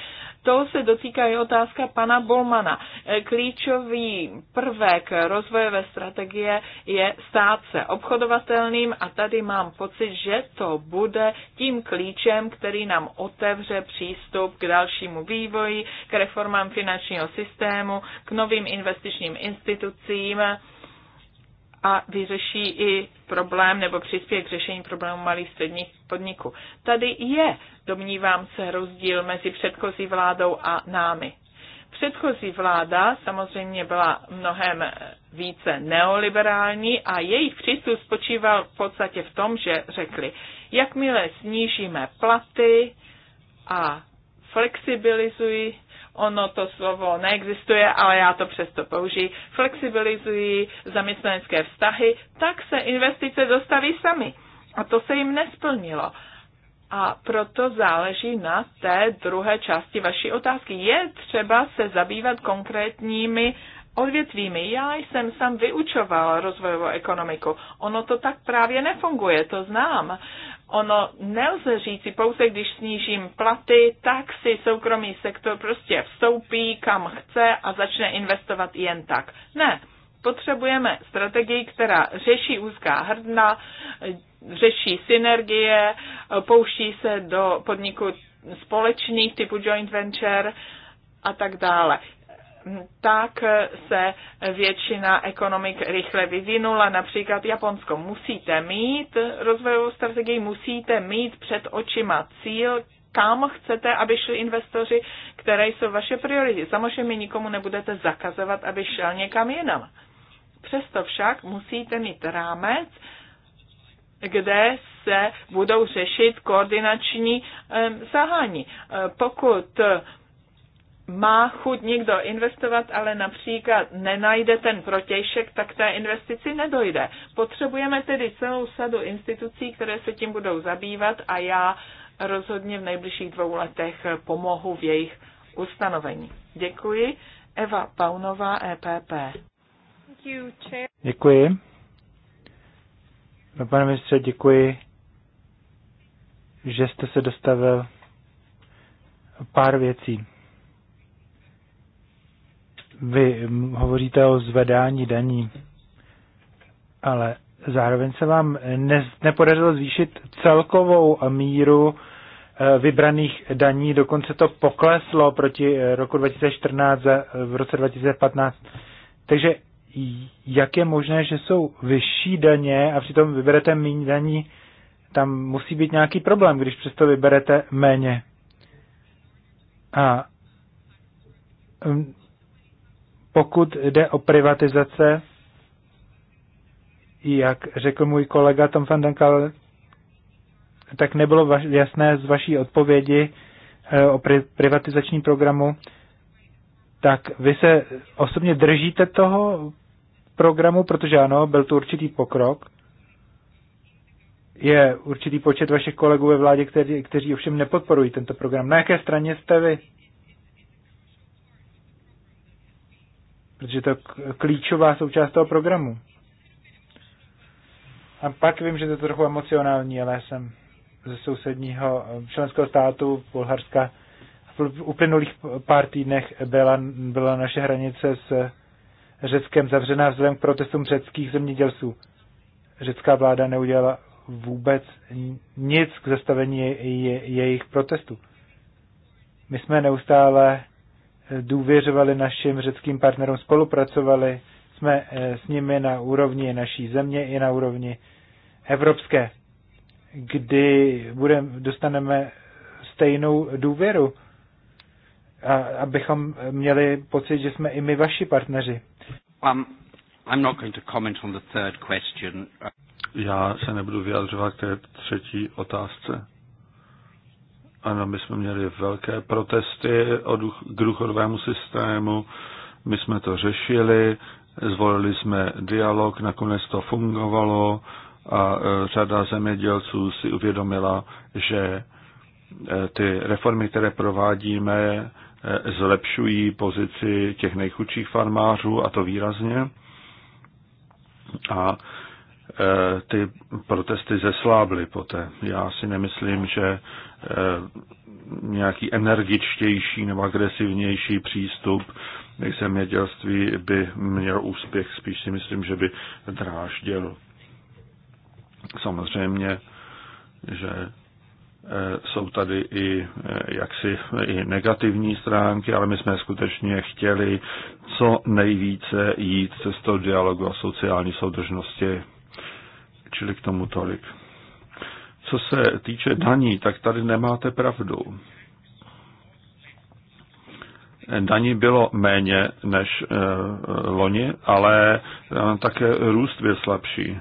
S1: to se dotýká i otázka pana Bolmana. Klíčový prvek rozvojové strategie je stát se obchodovatelným a tady mám pocit, že to bude tím klíčem, který nám otevře přístup k dalšímu vývoji, k reformám finančního systému, k novým investičním institucím, a vyřeší i problém nebo přispěje k řešení problému malých středních podniků. Tady je, domnívám se, rozdíl mezi předchozí vládou a námi. Předchozí vláda samozřejmě byla mnohem více neoliberální a jejich přístup spočíval v podstatě v tom, že řekli, jakmile snížíme platy a flexibilizují ono to slovo neexistuje, ale já to přesto použiji, flexibilizují zaměstnanecké vztahy, tak se investice dostaví sami. A to se jim nesplnilo. A proto záleží na té druhé části vaší otázky. Je třeba se zabývat konkrétními odvětvími. Já jsem sám vyučoval rozvojovou ekonomiku. Ono to tak právě nefunguje, to znám ono nelze říci, pouze když snížím platy, tak si soukromý sektor prostě vstoupí kam chce a začne investovat jen tak. Ne, potřebujeme strategii, která řeší úzká hrdna, řeší synergie, pouští se do podniku společných typu joint venture a tak dále tak se většina ekonomik rychle vyvinula. Například Japonsko musíte mít rozvojovou strategii, musíte mít před očima cíl, kam chcete, aby šli investoři, které jsou vaše priority. Samozřejmě nikomu nebudete zakazovat, aby šel někam jinam. Přesto však musíte mít rámec, kde se budou řešit koordinační zahání. Pokud má chuť někdo investovat, ale například nenajde ten protějšek, tak té investici nedojde. Potřebujeme tedy celou sadu institucí, které se tím budou zabývat a já rozhodně v nejbližších dvou letech pomohu v jejich ustanovení. Děkuji. Eva Paunová, EPP.
S2: Děkuji. No, pane ministře, děkuji, že jste se dostavil pár věcí. Vy hovoříte o zvedání daní, ale zároveň se vám ne, nepodařilo zvýšit celkovou míru eh, vybraných daní, dokonce to pokleslo proti eh, roku 2014 eh, v roce 2015. Takže jak je možné, že jsou vyšší daně a přitom vyberete méně daní, tam musí být nějaký problém, když přesto vyberete méně. A mm, pokud jde o privatizace, jak řekl můj kolega Tom van Dankal, tak nebylo jasné z vaší odpovědi eh, o privatizačním programu, tak vy se osobně držíte toho programu, protože ano, byl to určitý pokrok. Je určitý počet vašich kolegů ve vládě, kteří, kteří ovšem nepodporují tento program. Na jaké straně jste vy? protože to je klíčová součást toho programu. A pak vím, že to je trochu emocionální, ale já jsem ze sousedního eh, členského státu Bulharska v uplynulých pár týdnech byla, byla naše hranice s Řeckem zavřená vzhledem k protestům řeckých zemědělců. Řecká vláda neudělala vůbec nic k zastavení je, je, jejich protestů. My jsme neustále důvěřovali našim řeckým partnerům, spolupracovali jsme eh, s nimi na úrovni naší země i na úrovni evropské, kdy budem, dostaneme stejnou důvěru, a, abychom měli pocit, že jsme i my vaši partneři. Um, I'm not going to comment on the third question.
S3: Já se nebudu vyjadřovat té třetí otázce. Ano, my jsme měli velké protesty k důchodovému systému, my jsme to řešili, zvolili jsme dialog, nakonec to fungovalo a e, řada zemědělců si uvědomila, že e, ty reformy, které provádíme, e, zlepšují pozici těch nejchudších farmářů a to výrazně. A ty protesty zeslábly poté. Já si nemyslím, že Eh, nějaký energičtější nebo agresivnější přístup k zemědělství by měl úspěch. Spíš si myslím, že by drážděl. Samozřejmě, že eh, jsou tady i eh, jaksi i negativní stránky, ale my jsme skutečně chtěli co nejvíce jít cestou dialogu a sociální soudržnosti. Čili k tomu tolik. Co se týče daní, tak tady nemáte pravdu. Daní bylo méně než e, loni, ale e, také růst byl slabší.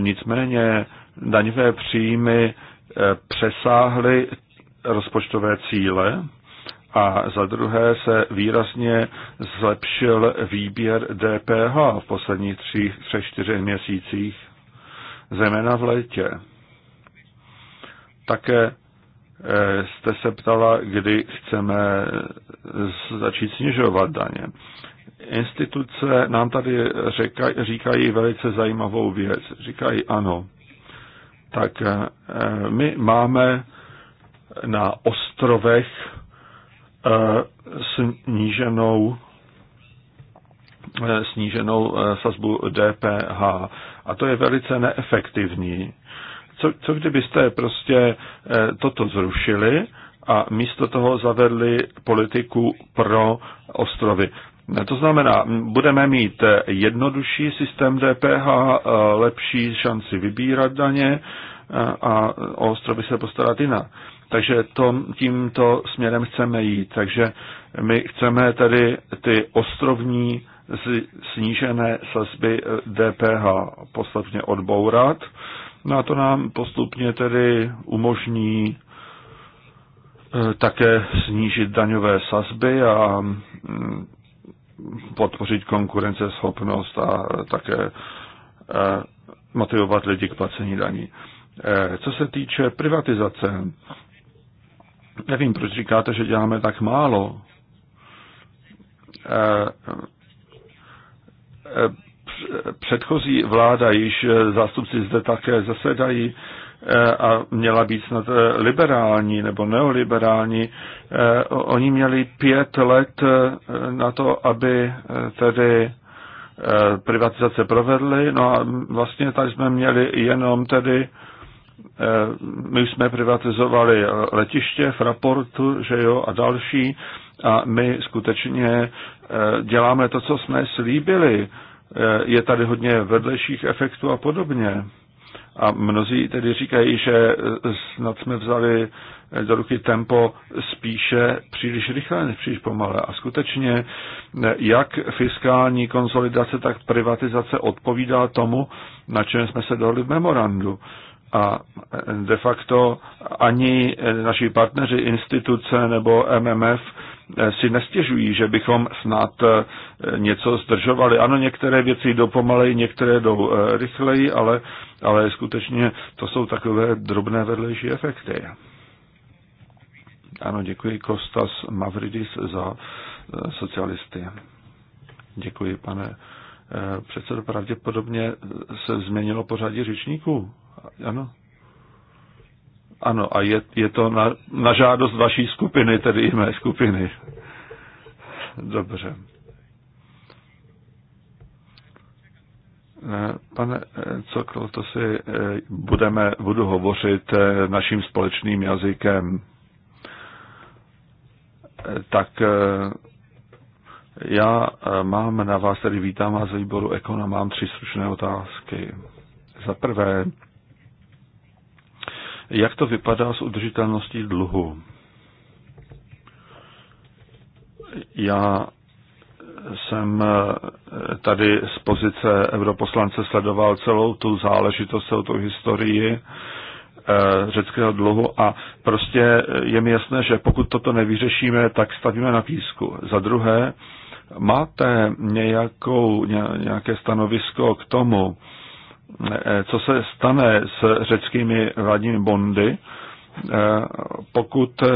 S3: Nicméně daňové příjmy eh, přesáhly rozpočtové cíle a za druhé se výrazně zlepšil výběr DPH v posledních třech, třech čtyřech měsících, zejména v létě. Také eh, jste se ptala, kdy chceme eh, začít snižovat daně. Instituce nám tady říkají, říkají velice zajímavou věc. Říkají ano, tak eh, my máme na ostrovech sníženou sníženou sazbu DPH. A to je velice neefektivní. Co, co kdybyste prostě eh, toto zrušili a místo toho zavedli politiku pro ostrovy? To znamená, budeme mít eh, jednodušší systém DPH, eh, lepší šanci vybírat daně a o ostrovy se postarat jinak. Takže to, tímto směrem chceme jít. Takže my chceme tady ty ostrovní snížené sazby DPH postupně odbourat No a to nám postupně tedy umožní eh, také snížit daňové sazby a mm, podpořit konkurenceschopnost a eh, také eh, motivovat lidi k placení daní. Co se týče privatizace, nevím, proč říkáte, že děláme tak málo předchozí vláda, již eh, zástupci zde také zasedají, eh, a měla být snad eh, liberální nebo neoliberální. Oni měli pět let na to, aby tedy privatizace provedli, no a vlastně tady jsme měli jenom tedy my jsme privatizovali letiště, Fraportu, že jo, a další a my skutečně děláme to, co jsme slíbili Eh, je tady hodně vedlejších efektů a podobně. A mnozí tedy říkají, že eh, snad jsme vzali eh, do ruky tempo spíše příliš rychle než příliš pomalé. A skutečně jak fiskální konsolidace, tak privatizace odpovídá tomu, na čem jsme se dohodli v memorandu. A de facto ani naši partneři instituce nebo MMF Eh, si nestěžují, že bychom snad eh, něco zdržovali. Ano, některé věci jdou pomaleji, některé jdou eh, rychleji, ale, ale skutečně to jsou takové drobné vedlejší efekty. Ano, děkuji Kostas Mavridis za socialisty. Děkuji, pane předsedo. Pravděpodobně se změnilo pořadí řečníků. Ano. Ano, a je, je to na, na žádost vaší skupiny, tedy i mé skupiny. Dobře. Eh, pane eh, Cokl, to si eh, budeme, budu hovořit naším společným jazykem. Tak já mám na vás, tedy vítám vás z výboru Ekona, mám tři slušné otázky. Za prvé, jak to vypadá s udržitelností dluhu? Já jsem eh, tady z pozice europoslance sledoval celou tu záležitost, celou tu historii eh, řeckého dluhu a prostě je mi jasné, že pokud toto nevyřešíme, tak stavíme na písku. Za druhé, máte nějakou, nějaké stanovisko k tomu, Eh, co se stane s řeckými vládními bondy, eh, pokud eh,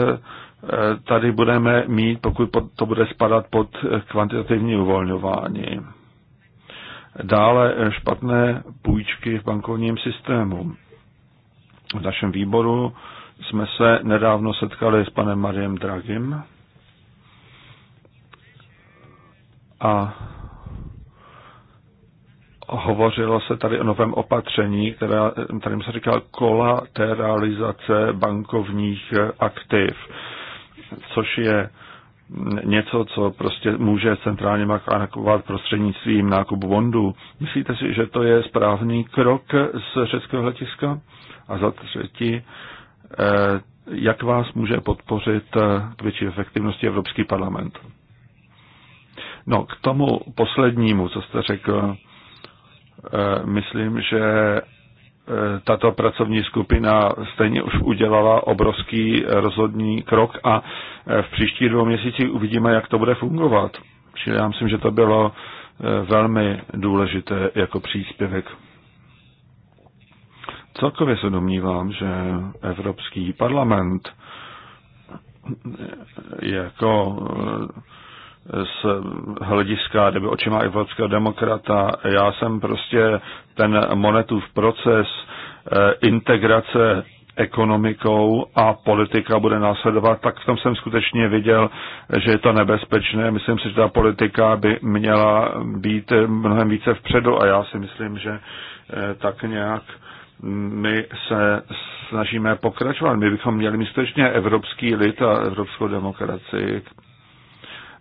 S3: tady budeme mít, pokud to bude spadat pod kvantitativní uvolňování. Dále špatné půjčky v bankovním systému. V našem výboru jsme se nedávno setkali s panem Mariem Dragim a hovořilo se tady o novém opatření, které, kterým se říká kolateralizace bankovních aktiv, což je něco, co prostě může centrálně nakupovat prostřednictvím nákupu bondů. Myslíte si, že to je správný krok z řeckého hlediska? A za třetí, eh, jak vás může podpořit eh, k větší efektivnosti Evropský parlament? No, k tomu poslednímu, co jste řekl, Eh, myslím, že eh, tato pracovní skupina stejně už udělala obrovský rozhodný krok a eh, v příští dvou měsících uvidíme, jak to bude fungovat. Čili já myslím, že to bylo velmi důležité jako příspěvek. Celkově se domnívám, že Evropský parlament jako z hlediska nebo očima evropského demokrata. Já jsem prostě ten monetův proces eh, integrace ekonomikou a politika bude následovat, tak v tom jsem skutečně viděl, že je to nebezpečné. Myslím si, že ta politika by měla být mnohem více vpředu a já si myslím, že eh, tak nějak my se snažíme pokračovat. My bychom měli mít skutečně evropský lid a evropskou demokracii.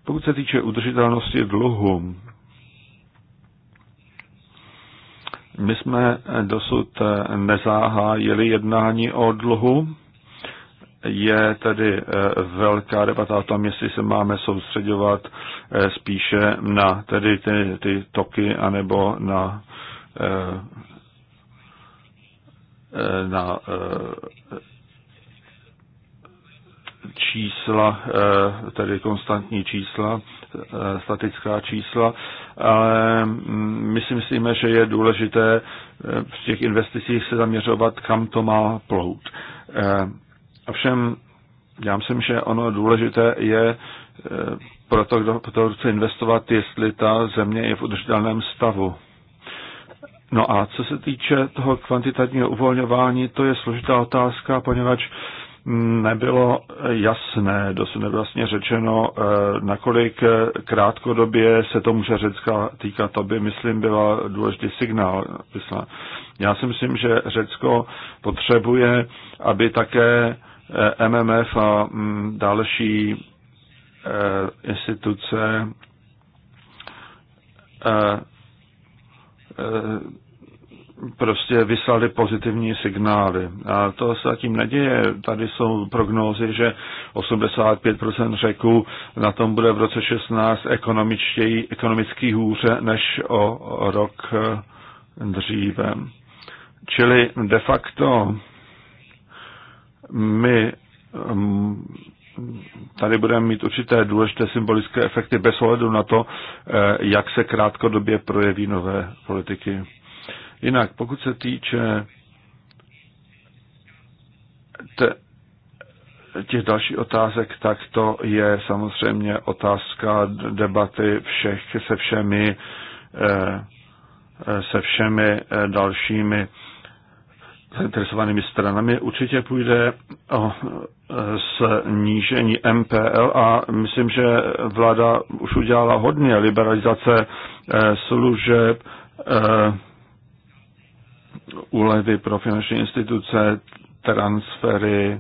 S3: Pokud se týče udržitelnosti dluhu, my jsme dosud nezahájili jednání o dluhu. Je tedy eh, velká debata o tom, jestli se máme soustředovat eh, spíše na tedy ty, ty toky anebo na, eh, na čísla, eh, tedy konstantní čísla, eh, statická čísla, ale mm, my si myslíme, že je důležité eh, v těch investicích se zaměřovat, kam to má plout. Ovšem, já myslím, že ono důležité je pro to, kdo to chce investovat, jestli ta země je v udržitelném stavu. No a co se týče toho kvantitativního uvolňování, to je složitá otázka, poněvadž nebylo jasné, dosud nebylo jasně řečeno, eh, nakolik eh, krátkodobě se to může Řecka týkat. To by, myslím, byla důležitý signál. Já si myslím, že Řecko potřebuje, aby také eh, MMF a mm, další instituce prostě vyslali pozitivní signály. A to se zatím neděje. Tady jsou prognózy, že 85% řeků na tom bude v roce 16 ekonomičtěji, ekonomicky hůře než o rok eh, dříve. Čili de facto my mm, tady budeme mít určité důležité symbolické efekty bez ohledu na to, eh, jak se krátkodobě projeví nové politiky. Jinak, pokud se týče te, těch dalších otázek, tak to je samozřejmě otázka debaty všech se všemi, eh, se všemi eh, dalšími zainteresovanými stranami. Určitě půjde o eh, snížení MPL a myslím, že vláda už udělala hodně liberalizace služeb, úlevy pro finanční instituce, transfery e,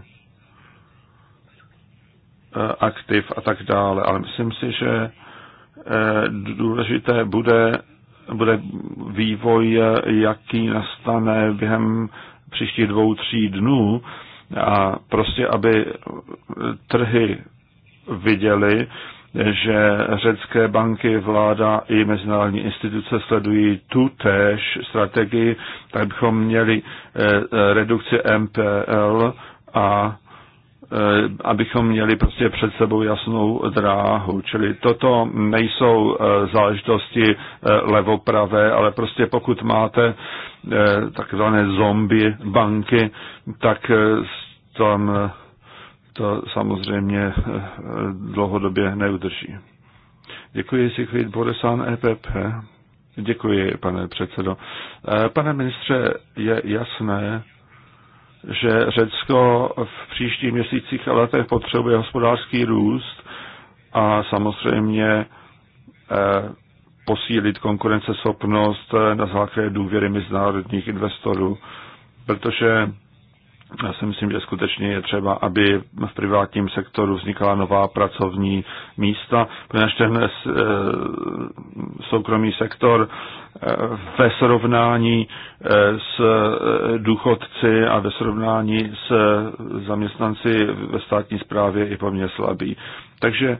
S3: aktiv a tak dále. Ale myslím si, že e, důležité bude, bude vývoj, jaký nastane během příštích dvou, tří dnů a prostě, aby trhy viděly že řecké banky, vláda i mezinárodní instituce sledují tu též strategii, tak bychom měli eh, redukci MPL a eh, abychom měli prostě před sebou jasnou dráhu. Čili toto nejsou eh, záležitosti levopravé, ale prostě pokud máte takzvané zombie banky, tak tam to samozřejmě eh, eh, dlouhodobě neudrží. Děkuji Sikvit Boresan EPP. Děkuji, pane předsedo. Eh, pane ministře, je jasné, že Řecko v příštích měsících a letech potřebuje hospodářský růst a samozřejmě posílit konkurenceschopnost na základě důvěry mezinárodních investorů, protože já si myslím, že skutečně je třeba, aby v privátním sektoru vznikala nová pracovní místa, protože ten eh, soukromý sektor eh, ve srovnání eh, s důchodci a ve srovnání s zaměstnanci ve státní správě je poměrně slabý. Takže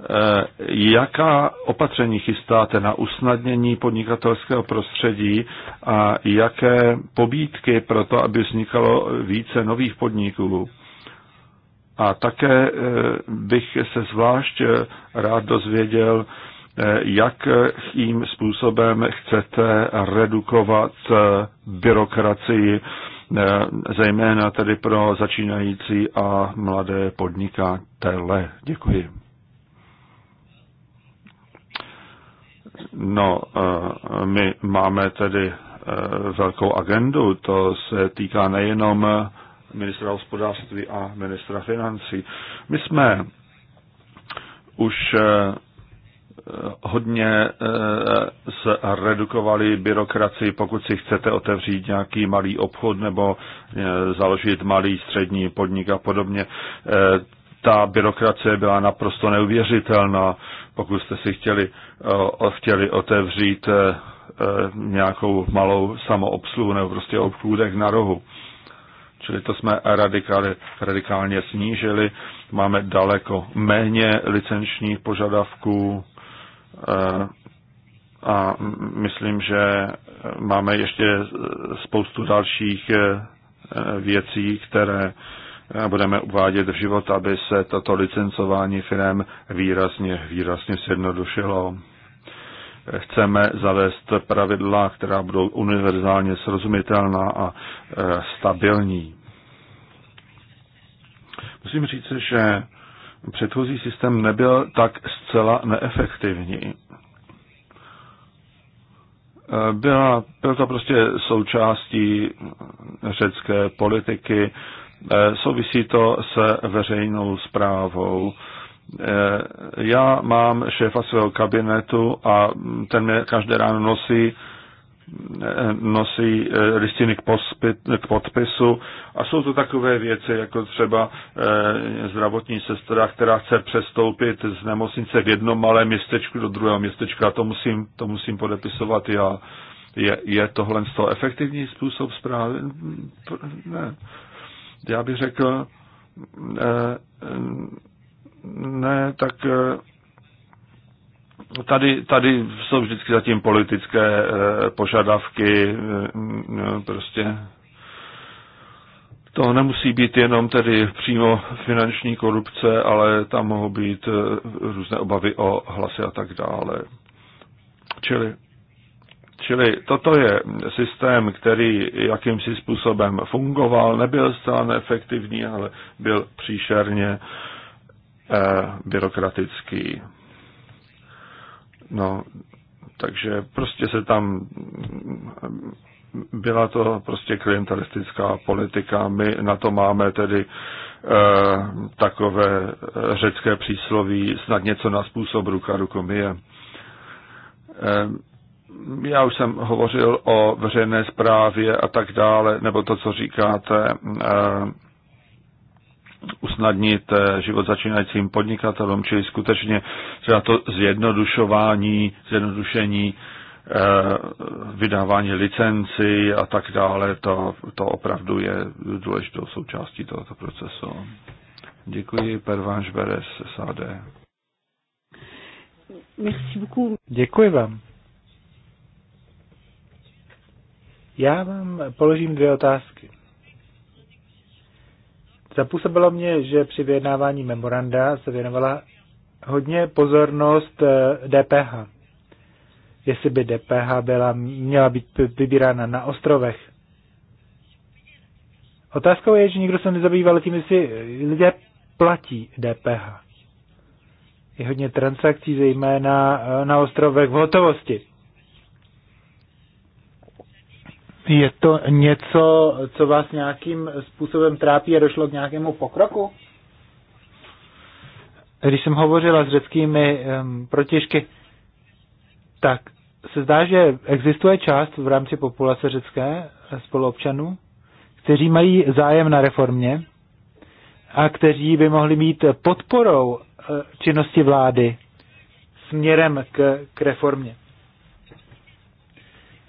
S3: Eh, jaká opatření chystáte na usnadnění podnikatelského prostředí a jaké pobídky pro to, aby vznikalo více nových podniků. A také eh, bych se zvlášť eh, rád dozvěděl, jakým způsobem chcete redukovat byrokracii, zejména tedy pro začínající a mladé podnikatele. Děkuji. No, eh, my máme tedy eh, velkou agendu, to se týká nejenom ministra hospodářství a ministra financí. My jsme už eh, hodně zredukovali byrokracii, pokud si chcete otevřít nějaký malý obchod nebo založit malý střední podnik a podobně. Ta byrokracie byla naprosto neuvěřitelná pokud jste si chtěli, eh, chtěli otevřít eh, eh, nějakou malou samoobsluhu nebo prostě obchůdek na rohu. Čili to jsme radikálně, radikálně snížili. Máme daleko méně licenčních požadavků a myslím, že máme ještě spoustu dalších věcí, které budeme uvádět v život, aby se toto licencování firm výrazně, výrazně zjednodušilo. Chceme zavést pravidla, která budou univerzálně srozumitelná a e, stabilní. Musím říct, že předchozí systém nebyl tak zcela neefektivní. E, byla, byl to prostě součástí řecké politiky, Eh, souvisí to se veřejnou zprávou. Eh, já mám šéfa svého kabinetu a ten mě každé ráno nosí eh, nosí listiny k, pospit, k podpisu a jsou to takové věci, jako třeba zdravotní sestra, která chce přestoupit z nemocnice v jednom malém městečku do druhého městečka. To musím, to musím podepisovat já. Je, je tohle z toho efektivní způsob zprávy? Ne já bych řekl, eh, ne, tak eh, tady, tady jsou vždycky zatím politické eh, požadavky, no, prostě to nemusí být jenom tedy přímo finanční korupce, ale tam mohou být různé obavy o hlasy a tak dále. Čili Čili toto je systém, který jakýmsi způsobem fungoval, nebyl zcela neefektivní, ale byl příšerně eh, byrokratický. No, takže prostě se tam byla to prostě klientelistická politika. My na to máme tedy e, takové řecké přísloví, snad něco na způsob ruka rukomije. Eh, já už jsem hovořil o veřejné zprávě a tak dále, nebo to, co říkáte, eh, usnadnit eh, život začínajícím podnikatelům, čili skutečně třeba to zjednodušování, zjednodušení eh, vydávání licenci a tak dále, to, to opravdu je důležitou součástí tohoto procesu. Děkuji, Pervanš Beres, SAD. Děkuji
S2: vám. Já vám položím dvě otázky. Zapůsobilo mě, že při vyjednávání memoranda se věnovala hodně pozornost DPH. Eh, jestli by DPH byla, měla být vybírána na ostrovech. Otázkou je, že nikdo se nezabýval tím, jestli lidé platí DPH. Je hodně transakcí, zejména eh, na ostrovech v hotovosti. Je to něco, co vás nějakým způsobem trápí a došlo k nějakému pokroku? Když jsem hovořila s řeckými um, protěžky, tak se zdá, že existuje část v rámci populace řecké eh, spoluobčanů, kteří mají zájem na reformě a kteří by mohli být podporou eh, činnosti vlády směrem k, k reformě.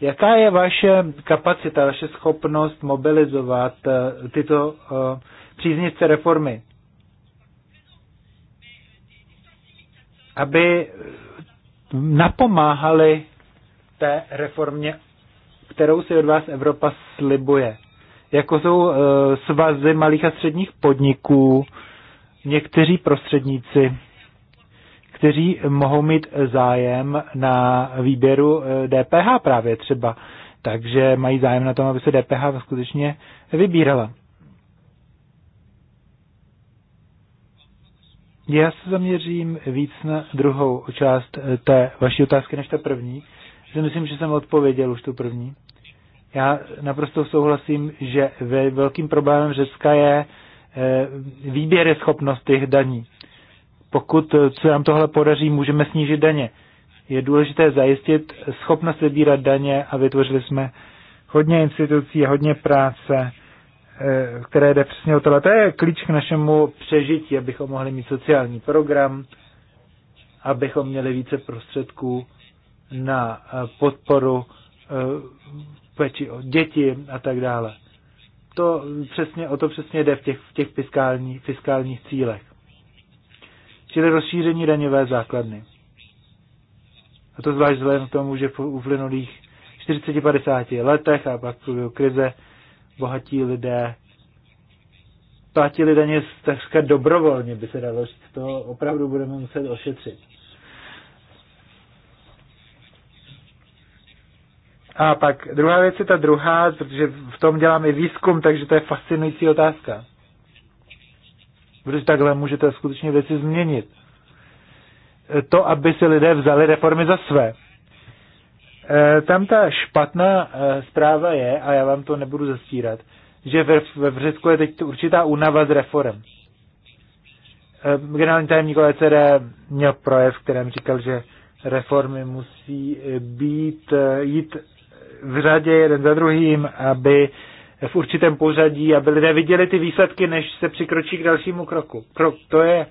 S2: Jaká je vaše kapacita, vaše schopnost mobilizovat eh, tyto eh, příznivce reformy? Aby napomáhali té reformě, kterou si od vás Evropa slibuje. Jako jsou eh, svazy malých a středních podniků, někteří prostředníci kteří mohou mít zájem na výběru DPH eh, právě třeba. Takže mají zájem na tom, aby se DPH skutečně vybírala. Já se zaměřím víc na druhou část eh, té vaší otázky než ta první. Já myslím, že jsem odpověděl už tu první. Já naprosto souhlasím, že velkým problémem Řecka je eh, výběry schopnost těch daní pokud se eh, nám tohle podaří, můžeme snížit daně. Je důležité zajistit schopnost vybírat daně a vytvořili jsme hodně institucí hodně práce, eh, které jde přesně o tohle. To je klíč k našemu přežití, abychom mohli mít sociální program, abychom měli více prostředků na eh, podporu péči o děti a tak dále. To přesně, o to přesně jde v těch, v těch fiskální, fiskálních cílech čili rozšíření daňové základny. A to zvlášť vzhledem k tomu, že po uplynulých 40-50 letech a pak v krize bohatí lidé platili daně takřka dobrovolně, by se dalo říct. To opravdu budeme muset ošetřit. A pak druhá věc je ta druhá, protože v tom dělám i výzkum, takže to je fascinující otázka protože takhle můžete skutečně věci změnit. To, aby si lidé vzali reformy za své. E, tam ta špatná e, zpráva je, a já vám to nebudu zastírat, že ve Vřesku je teď určitá únava z reform. E, generální tajemník OECD měl projev, kterém říkal, že reformy musí být, jít v řadě jeden za druhým, aby v určitém pořadí, aby lidé viděli ty výsledky, než se přikročí k dalšímu kroku. Krok, to je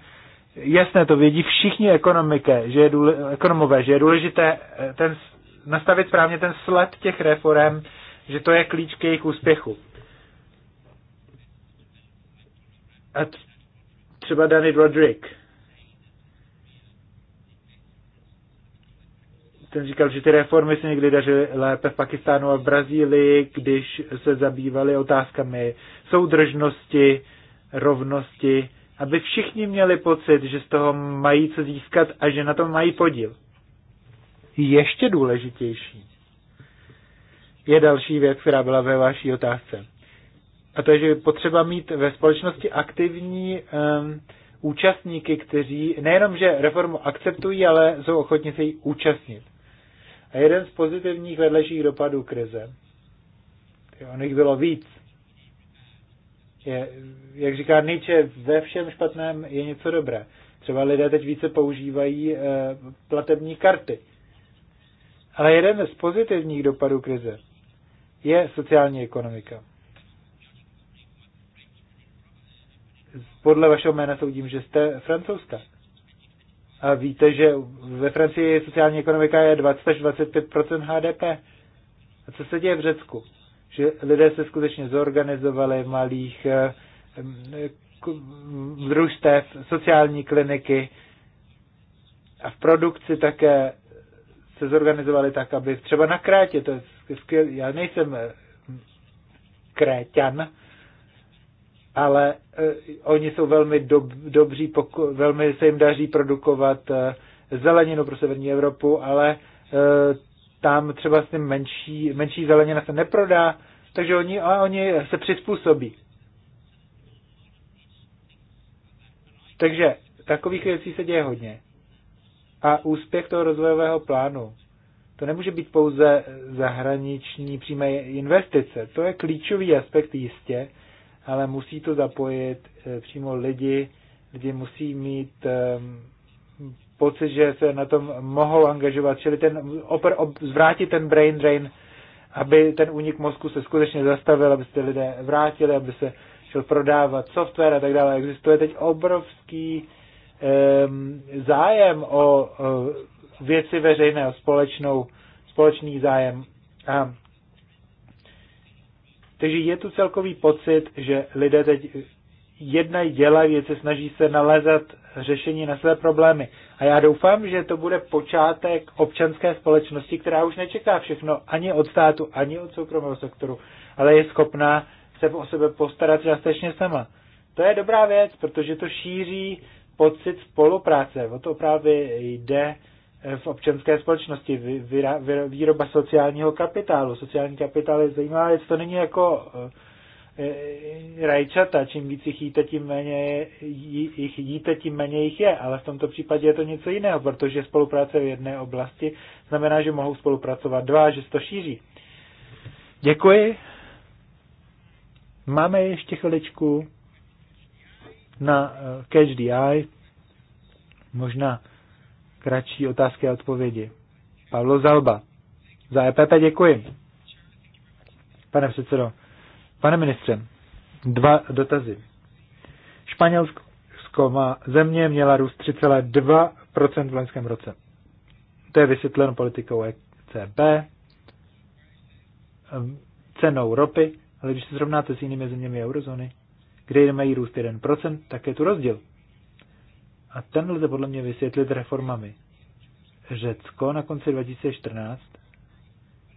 S2: jasné, to vědí všichni ekonomiky, že je důle, ekonomové, že je důležité eh, ten, nastavit správně ten sled těch reform, že to je klíč k jejich úspěchu. A třeba Danny Roderick ten říkal, že ty reformy se někdy dařily lépe v Pakistánu a v Brazílii, když se zabývali otázkami soudržnosti, rovnosti, aby všichni měli pocit, že z toho mají co získat a že na tom mají podíl. Ještě důležitější je další věc, která byla ve vaší otázce. A to je, že potřeba mít ve společnosti aktivní um, účastníky, kteří nejenom, že reformu akceptují, ale jsou ochotni se jí účastnit. A jeden z pozitivních vedlejších dopadů krize, on jich bylo víc, je, jak říká Nietzsche, ve všem špatném je něco dobré. Třeba lidé teď více používají e, platební karty. Ale jeden z pozitivních dopadů krize je sociální ekonomika. Podle vašeho jména soudím, že jste francouzská. A víte, že ve Francii sociální ekonomika je 20 až 25 HDP. A co se děje v Řecku? Že lidé se skutečně zorganizovali v malých eh, družstev, sociální kliniky a v produkci také se zorganizovali tak, aby třeba na Krátě, to je skvěl, já nejsem eh, kréťan, ale e, oni jsou velmi dob, dobří, poku, velmi se jim daří produkovat e, zeleninu pro severní Evropu, ale e, tam třeba s tím menší, menší zelenina se neprodá, takže oni, a oni se přizpůsobí. Takže takových věcí se děje hodně. A úspěch toho rozvojového plánu, to nemůže být pouze zahraniční přímé investice. To je klíčový aspekt jistě, ale musí to zapojit eh, přímo lidi, lidi musí mít ehm, pocit, že se na tom mohou angažovat, čili ten, opr, ob, zvrátit ten brain drain, aby ten únik mozku se skutečně zastavil, aby se lidé vrátili, aby se šel prodávat software a tak dále. Existuje teď obrovský um, zájem o, o věci veřejné, o společnou, společný zájem. A takže je tu celkový pocit, že lidé teď jednají, dělají věci, snaží se nalézat řešení na své problémy. A já doufám, že to bude počátek občanské společnosti, která už nečeká všechno ani od státu, ani od soukromého sektoru, ale je schopná se o sebe postarat částečně sama. To je dobrá věc, protože to šíří pocit spolupráce. O to právě jde v občanské společnosti, výroba sociálního kapitálu. Sociální kapitál je zajímavá věc, to není jako eh, eh, rajčata, čím víc jich jíte, tím méně jich jíte, tím méně jich je, ale v tomto případě je to něco jiného, protože spolupráce v jedné oblasti znamená, že mohou spolupracovat dva, že se to šíří. Děkuji. Máme ještě chviličku na eh, Catch the Eye. Možná kratší otázky a odpovědi. Pavlo Zalba. Za EPP děkuji. Pane předsedo. Pane ministře, dva dotazy. Španělsko má země měla růst 3,2% v loňském roce. To je vysvětleno politikou ECB, ehm, cenou ropy, ale když se srovnáte s jinými zeměmi eurozóny, kde mají růst 1%, tak je tu rozdíl. A ten lze podle mě vysvětlit reformami. Řecko na konci 2014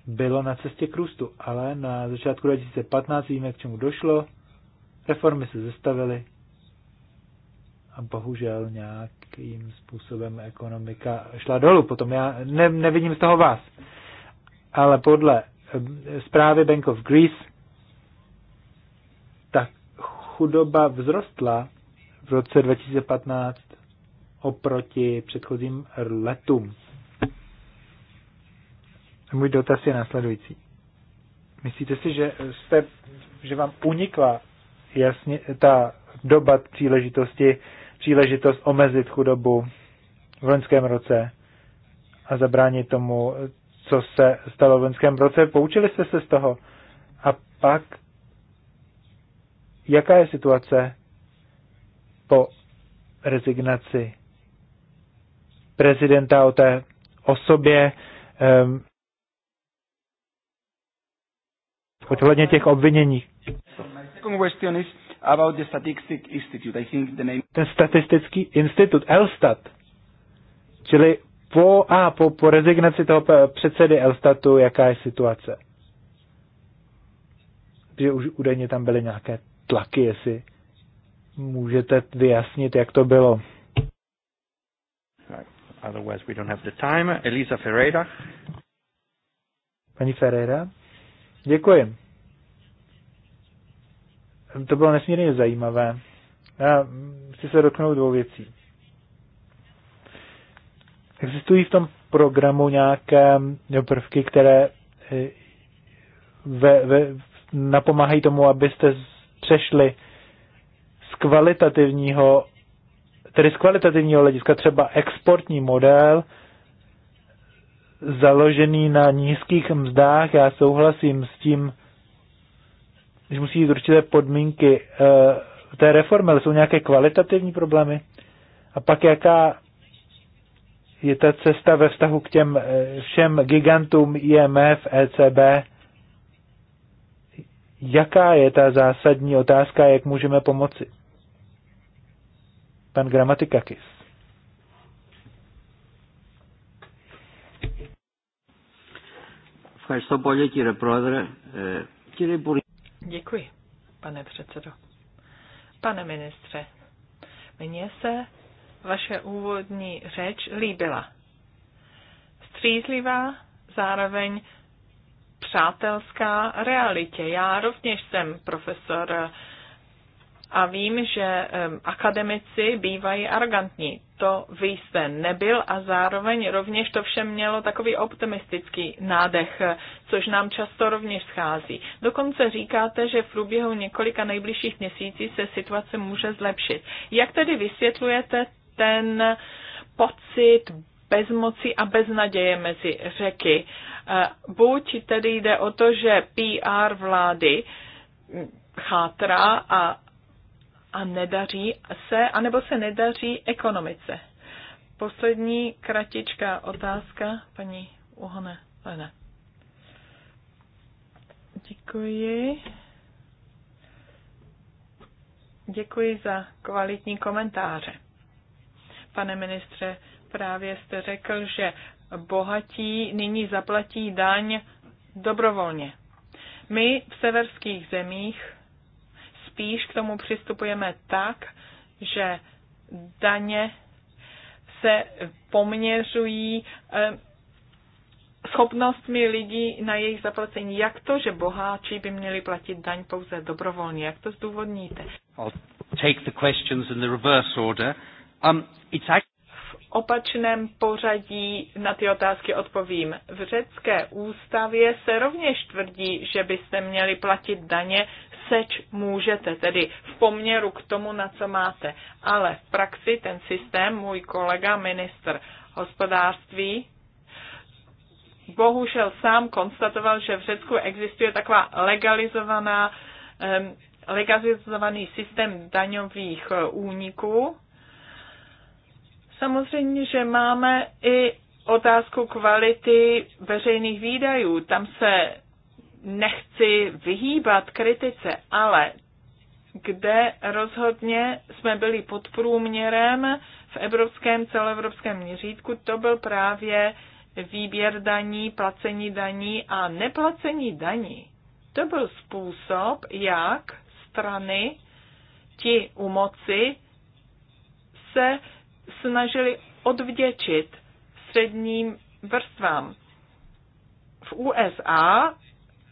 S2: bylo na cestě k růstu, ale na začátku 2015 víme, k čemu došlo. Reformy se zastavily a bohužel nějakým způsobem ekonomika šla dolů. Potom já ne, nevidím z toho vás. Ale podle eh, zprávy Bank of Greece, tak chudoba vzrostla v roce 2015 oproti předchozím letům. Můj dotaz je následující. Myslíte si, že, jste, že vám unikla jasně ta doba příležitosti, příležitost omezit chudobu v loňském roce a zabránit tomu, co se stalo v loňském roce? Poučili jste se z toho? A pak, jaká je situace po rezignaci prezidenta, o té osobě, ehm, ohledně těch obvinění. Ten statistický institut, Elstat, čili po, a, po, po rezignaci toho předsedy Elstatu, jaká je situace? Že už údajně tam byly nějaké tlaky, jestli můžete vyjasnit, jak to bylo. Otherwise we don't have the time. Elisa Ferreira. Pani Ferreira. Děkuji. To bylo nesmírně zajímavé. Já chci se dotknout dvou věcí. Existují v tom programu nějaké prvky, které eh, ve, ve, napomáhají tomu, abyste přešli z kvalitativního tedy z kvalitativního hlediska třeba exportní model založený na nízkých mzdách, já souhlasím s tím, že musí jít určité podmínky eh, té reformy, ale jsou nějaké kvalitativní problémy. A pak jaká je ta cesta ve vztahu k těm eh, všem gigantům IMF, ECB? Jaká je ta zásadní otázka, jak můžeme pomoci? pan Gramatikakis.
S1: Děkuji, pane předsedo. Pane ministře, mně se vaše úvodní řeč líbila. Střízlivá, zároveň přátelská realitě. Já rovněž jsem profesor a vím, že akademici bývají arrogantní. To vy jste nebyl a zároveň rovněž to všem mělo takový optimistický nádech, což nám často rovněž schází. Dokonce říkáte, že v průběhu několika nejbližších měsíců se situace může zlepšit. Jak tedy vysvětlujete ten pocit bezmoci a beznaděje mezi řeky? E, buď tedy jde o to, že PR vlády chátra a a nedaří se, anebo se nedaří ekonomice. Poslední kratičká otázka, paní Uhone. Ne. Děkuji. Děkuji za kvalitní komentáře. Pane ministře, právě jste řekl, že bohatí nyní zaplatí daň dobrovolně. My v severských zemích spíš k tomu přistupujeme tak, že daně se poměřují eh, schopnostmi lidí na jejich zaplacení. Jak to, že boháči by měli platit daň pouze dobrovolně? Jak to zdůvodníte?
S2: I'll take the questions in the reverse order.
S1: Um, it's actually opačném pořadí na ty otázky odpovím. V řecké ústavě se rovněž tvrdí, že byste měli platit daně seč můžete, tedy v poměru k tomu, na co máte. Ale v praxi ten systém, můj kolega, ministr hospodářství, bohužel sám konstatoval, že v Řecku existuje taková legalizovaná, legalizovaný systém daňových e, úniků. Samozřejmě, že máme i otázku kvality veřejných výdajů. Tam se nechci vyhýbat kritice, ale kde rozhodně jsme byli pod průměrem v evropském celoevropském měřítku, to byl právě výběr daní, placení daní a neplacení daní. To byl způsob, jak strany ti u moci se snažili odvděčit středním vrstvám. V USA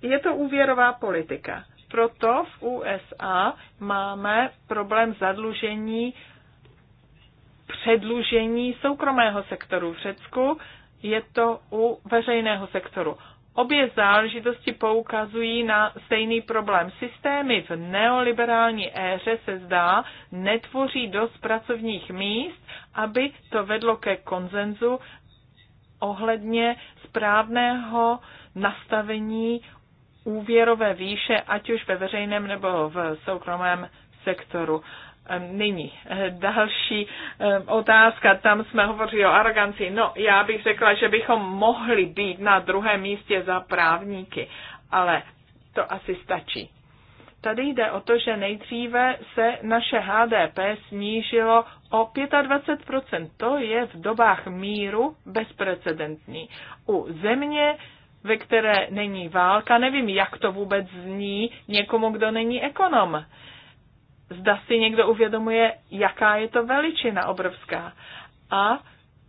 S1: je to úvěrová politika. Proto v USA máme problém zadlužení, předlužení soukromého sektoru. V Řecku je to u veřejného sektoru. Obě záležitosti poukazují na stejný problém. Systémy v neoliberální éře se zdá netvoří dost pracovních míst, aby to vedlo ke konzenzu ohledně správného nastavení úvěrové výše, ať už ve veřejném nebo v soukromém sektoru. Nyní eh, další eh, otázka. Tam jsme hovořili o aroganci. No, já bych řekla, že bychom mohli být na druhém místě za právníky, ale to asi stačí. Tady jde o to, že nejdříve se naše HDP snížilo o 25%. To je v dobách míru bezprecedentní. U země, ve které není válka. Nevím, jak to vůbec zní někomu, kdo není ekonom. Zda si někdo uvědomuje, jaká je to veličina obrovská. A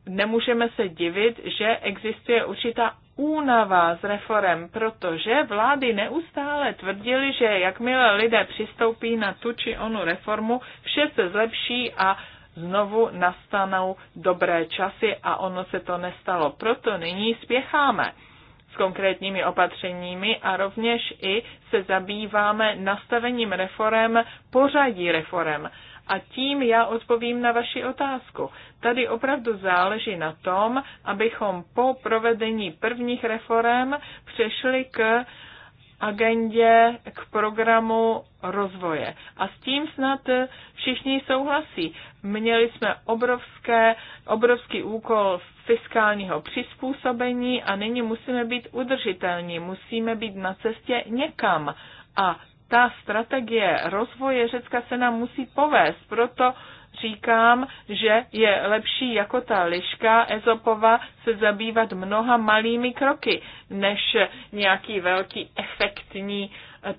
S1: nemůžeme se divit, že existuje určitá únava z reform, protože vlády neustále tvrdili, že jakmile lidé přistoupí na tu či onu reformu, vše se zlepší a znovu nastanou dobré časy a ono se to nestalo. Proto nyní spěcháme s konkrétními opatřeními a rovněž i se zabýváme nastavením reform, pořadí reform. A tím já odpovím na vaši otázku. Tady opravdu záleží na tom, abychom po provedení prvních reform přešli k agendě, k programu rozvoje. A s tím snad všichni souhlasí. Měli jsme obrovské, obrovský úkol v fiskálního přizpůsobení a nyní musíme být udržitelní, musíme být na cestě někam. A ta strategie rozvoje Řecka se nám musí povést, proto říkám, že je lepší jako ta liška Ezopova se zabývat mnoha malými kroky, než nějaký velký efektní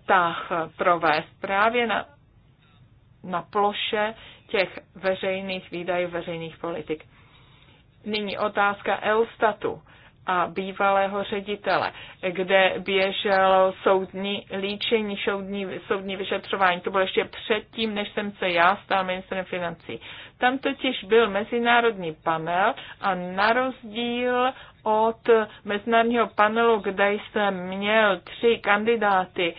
S1: tah provést. Právě na, na ploše těch veřejných výdajů, veřejných politik. Nyní otázka Elstatu a bývalého ředitele, kde běžel soudní líčení, soudní, soudní vyšetřování. To bylo ještě předtím, než jsem se já stal ministrem financí. Tam totiž byl mezinárodní panel a na rozdíl od mezinárodního panelu, kde jsem měl tři kandidáty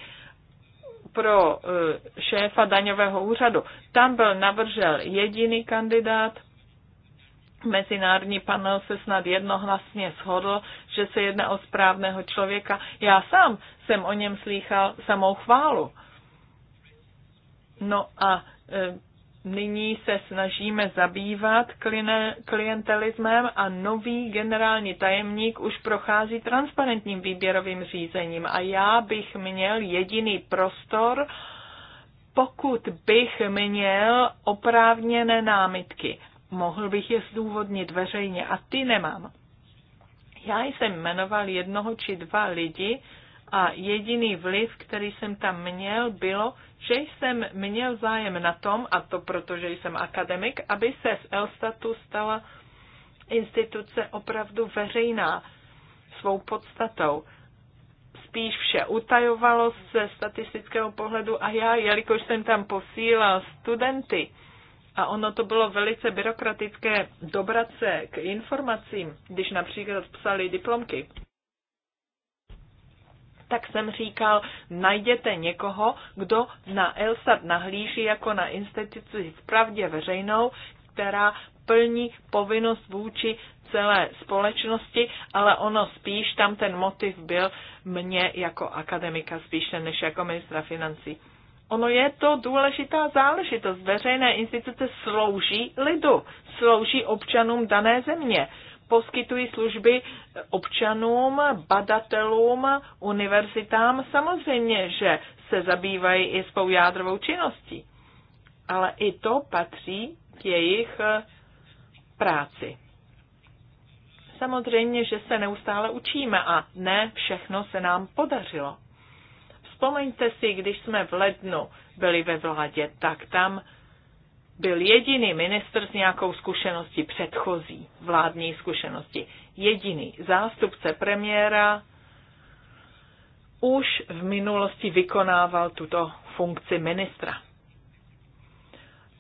S1: pro eh, šéfa daňového úřadu, tam byl navržel jediný kandidát, Mezinárodní panel se snad jednohlasně shodl, že se jedná o správného člověka. Já sám jsem o něm slýchal samou chválu. No a e, nyní se snažíme zabývat kline, klientelismem a nový generální tajemník už prochází transparentním výběrovým řízením a já bych měl jediný prostor, pokud bych měl oprávněné námitky mohl bych je zdůvodnit veřejně a ty nemám. Já jsem jmenoval jednoho či dva lidi a jediný vliv, který jsem tam měl, bylo, že jsem měl zájem na tom, a to protože jsem akademik, aby se z Elstatu stala instituce opravdu veřejná svou podstatou. Spíš vše utajovalo se statistického pohledu a já, jelikož jsem tam posílal studenty, a ono to bylo velice byrokratické dobrat se k informacím, když například psali diplomky, tak jsem říkal, najděte někoho, kdo na ELSAT nahlíží jako na instituci v pravdě veřejnou, která plní povinnost vůči celé společnosti, ale ono spíš tam ten motiv byl mě jako akademika spíše než jako ministra financí ono je to důležitá záležitost. Veřejné instituce slouží lidu, slouží občanům dané země, poskytují služby občanům, badatelům, univerzitám. Samozřejmě, že se zabývají i svou jádrovou činností, ale i to patří k jejich eh, práci. Samozřejmě, že se neustále učíme a ne všechno se nám podařilo Vzpomeňte si, když jsme v lednu byli ve vládě, tak tam byl jediný ministr s nějakou zkušeností předchozí, vládní zkušenosti. Jediný zástupce premiéra už v minulosti vykonával tuto funkci ministra.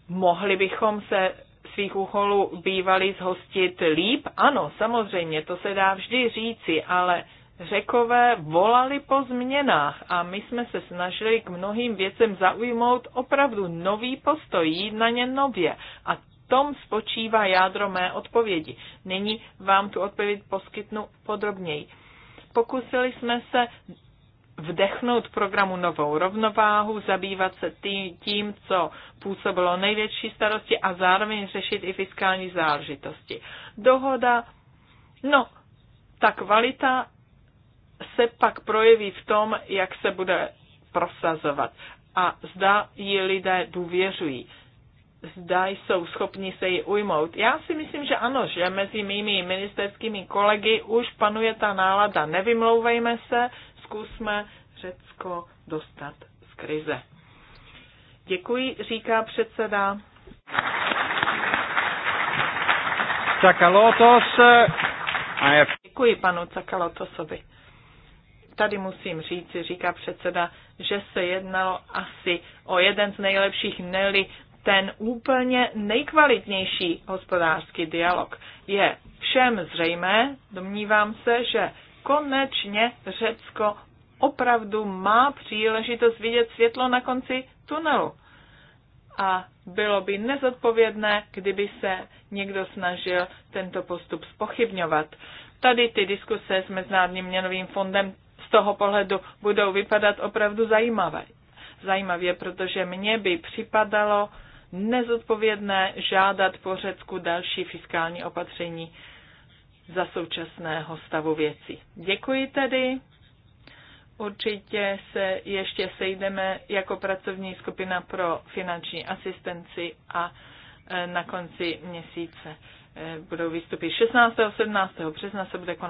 S1: Mohli bychom se svých úcholů bývali zhostit líp? Ano, samozřejmě, to se dá vždy říci, ale Řekové volali po změnách a my jsme se snažili k mnohým věcem zaujmout opravdu nový postoj, jít na ně nově. A tom spočívá jádro mé odpovědi. Nyní vám tu odpověď poskytnu podrobněji. Pokusili jsme se vdechnout programu novou rovnováhu, zabývat se tím, co působilo největší starosti a zároveň řešit i fiskální záležitosti. Dohoda, no, ta kvalita se pak projeví v tom, jak se bude prosazovat a zda ji lidé důvěřují zda jsou schopni se ji ujmout. Já si myslím, že ano, že mezi mými ministerskými kolegy už panuje ta nálada. Nevymlouvejme se, zkusme Řecko dostat z krize. Děkuji, říká předseda.
S2: Cakalotos. Eh,
S1: Děkuji panu Cakalotosovi tady musím říci, říká předseda, že se jednalo asi o jeden z nejlepších, neli ten úplně nejkvalitnější hospodářský dialog. Je všem zřejmé, domnívám se, že konečně Řecko opravdu má příležitost vidět světlo na konci tunelu. A bylo by nezodpovědné, kdyby se někdo snažil tento postup spochybňovat. Tady ty diskuse s Mezinárodním měnovým fondem z toho pohledu budou vypadat opravdu zajímavé. Zajímavě, protože mně by připadalo nezodpovědné žádat po Řecku další fiskální opatření za současného stavu věcí. Děkuji tedy. Určitě se ještě sejdeme jako pracovní skupina pro finanční asistenci a e, na konci měsíce e, budou výstupy 16. a 17. března se bude konat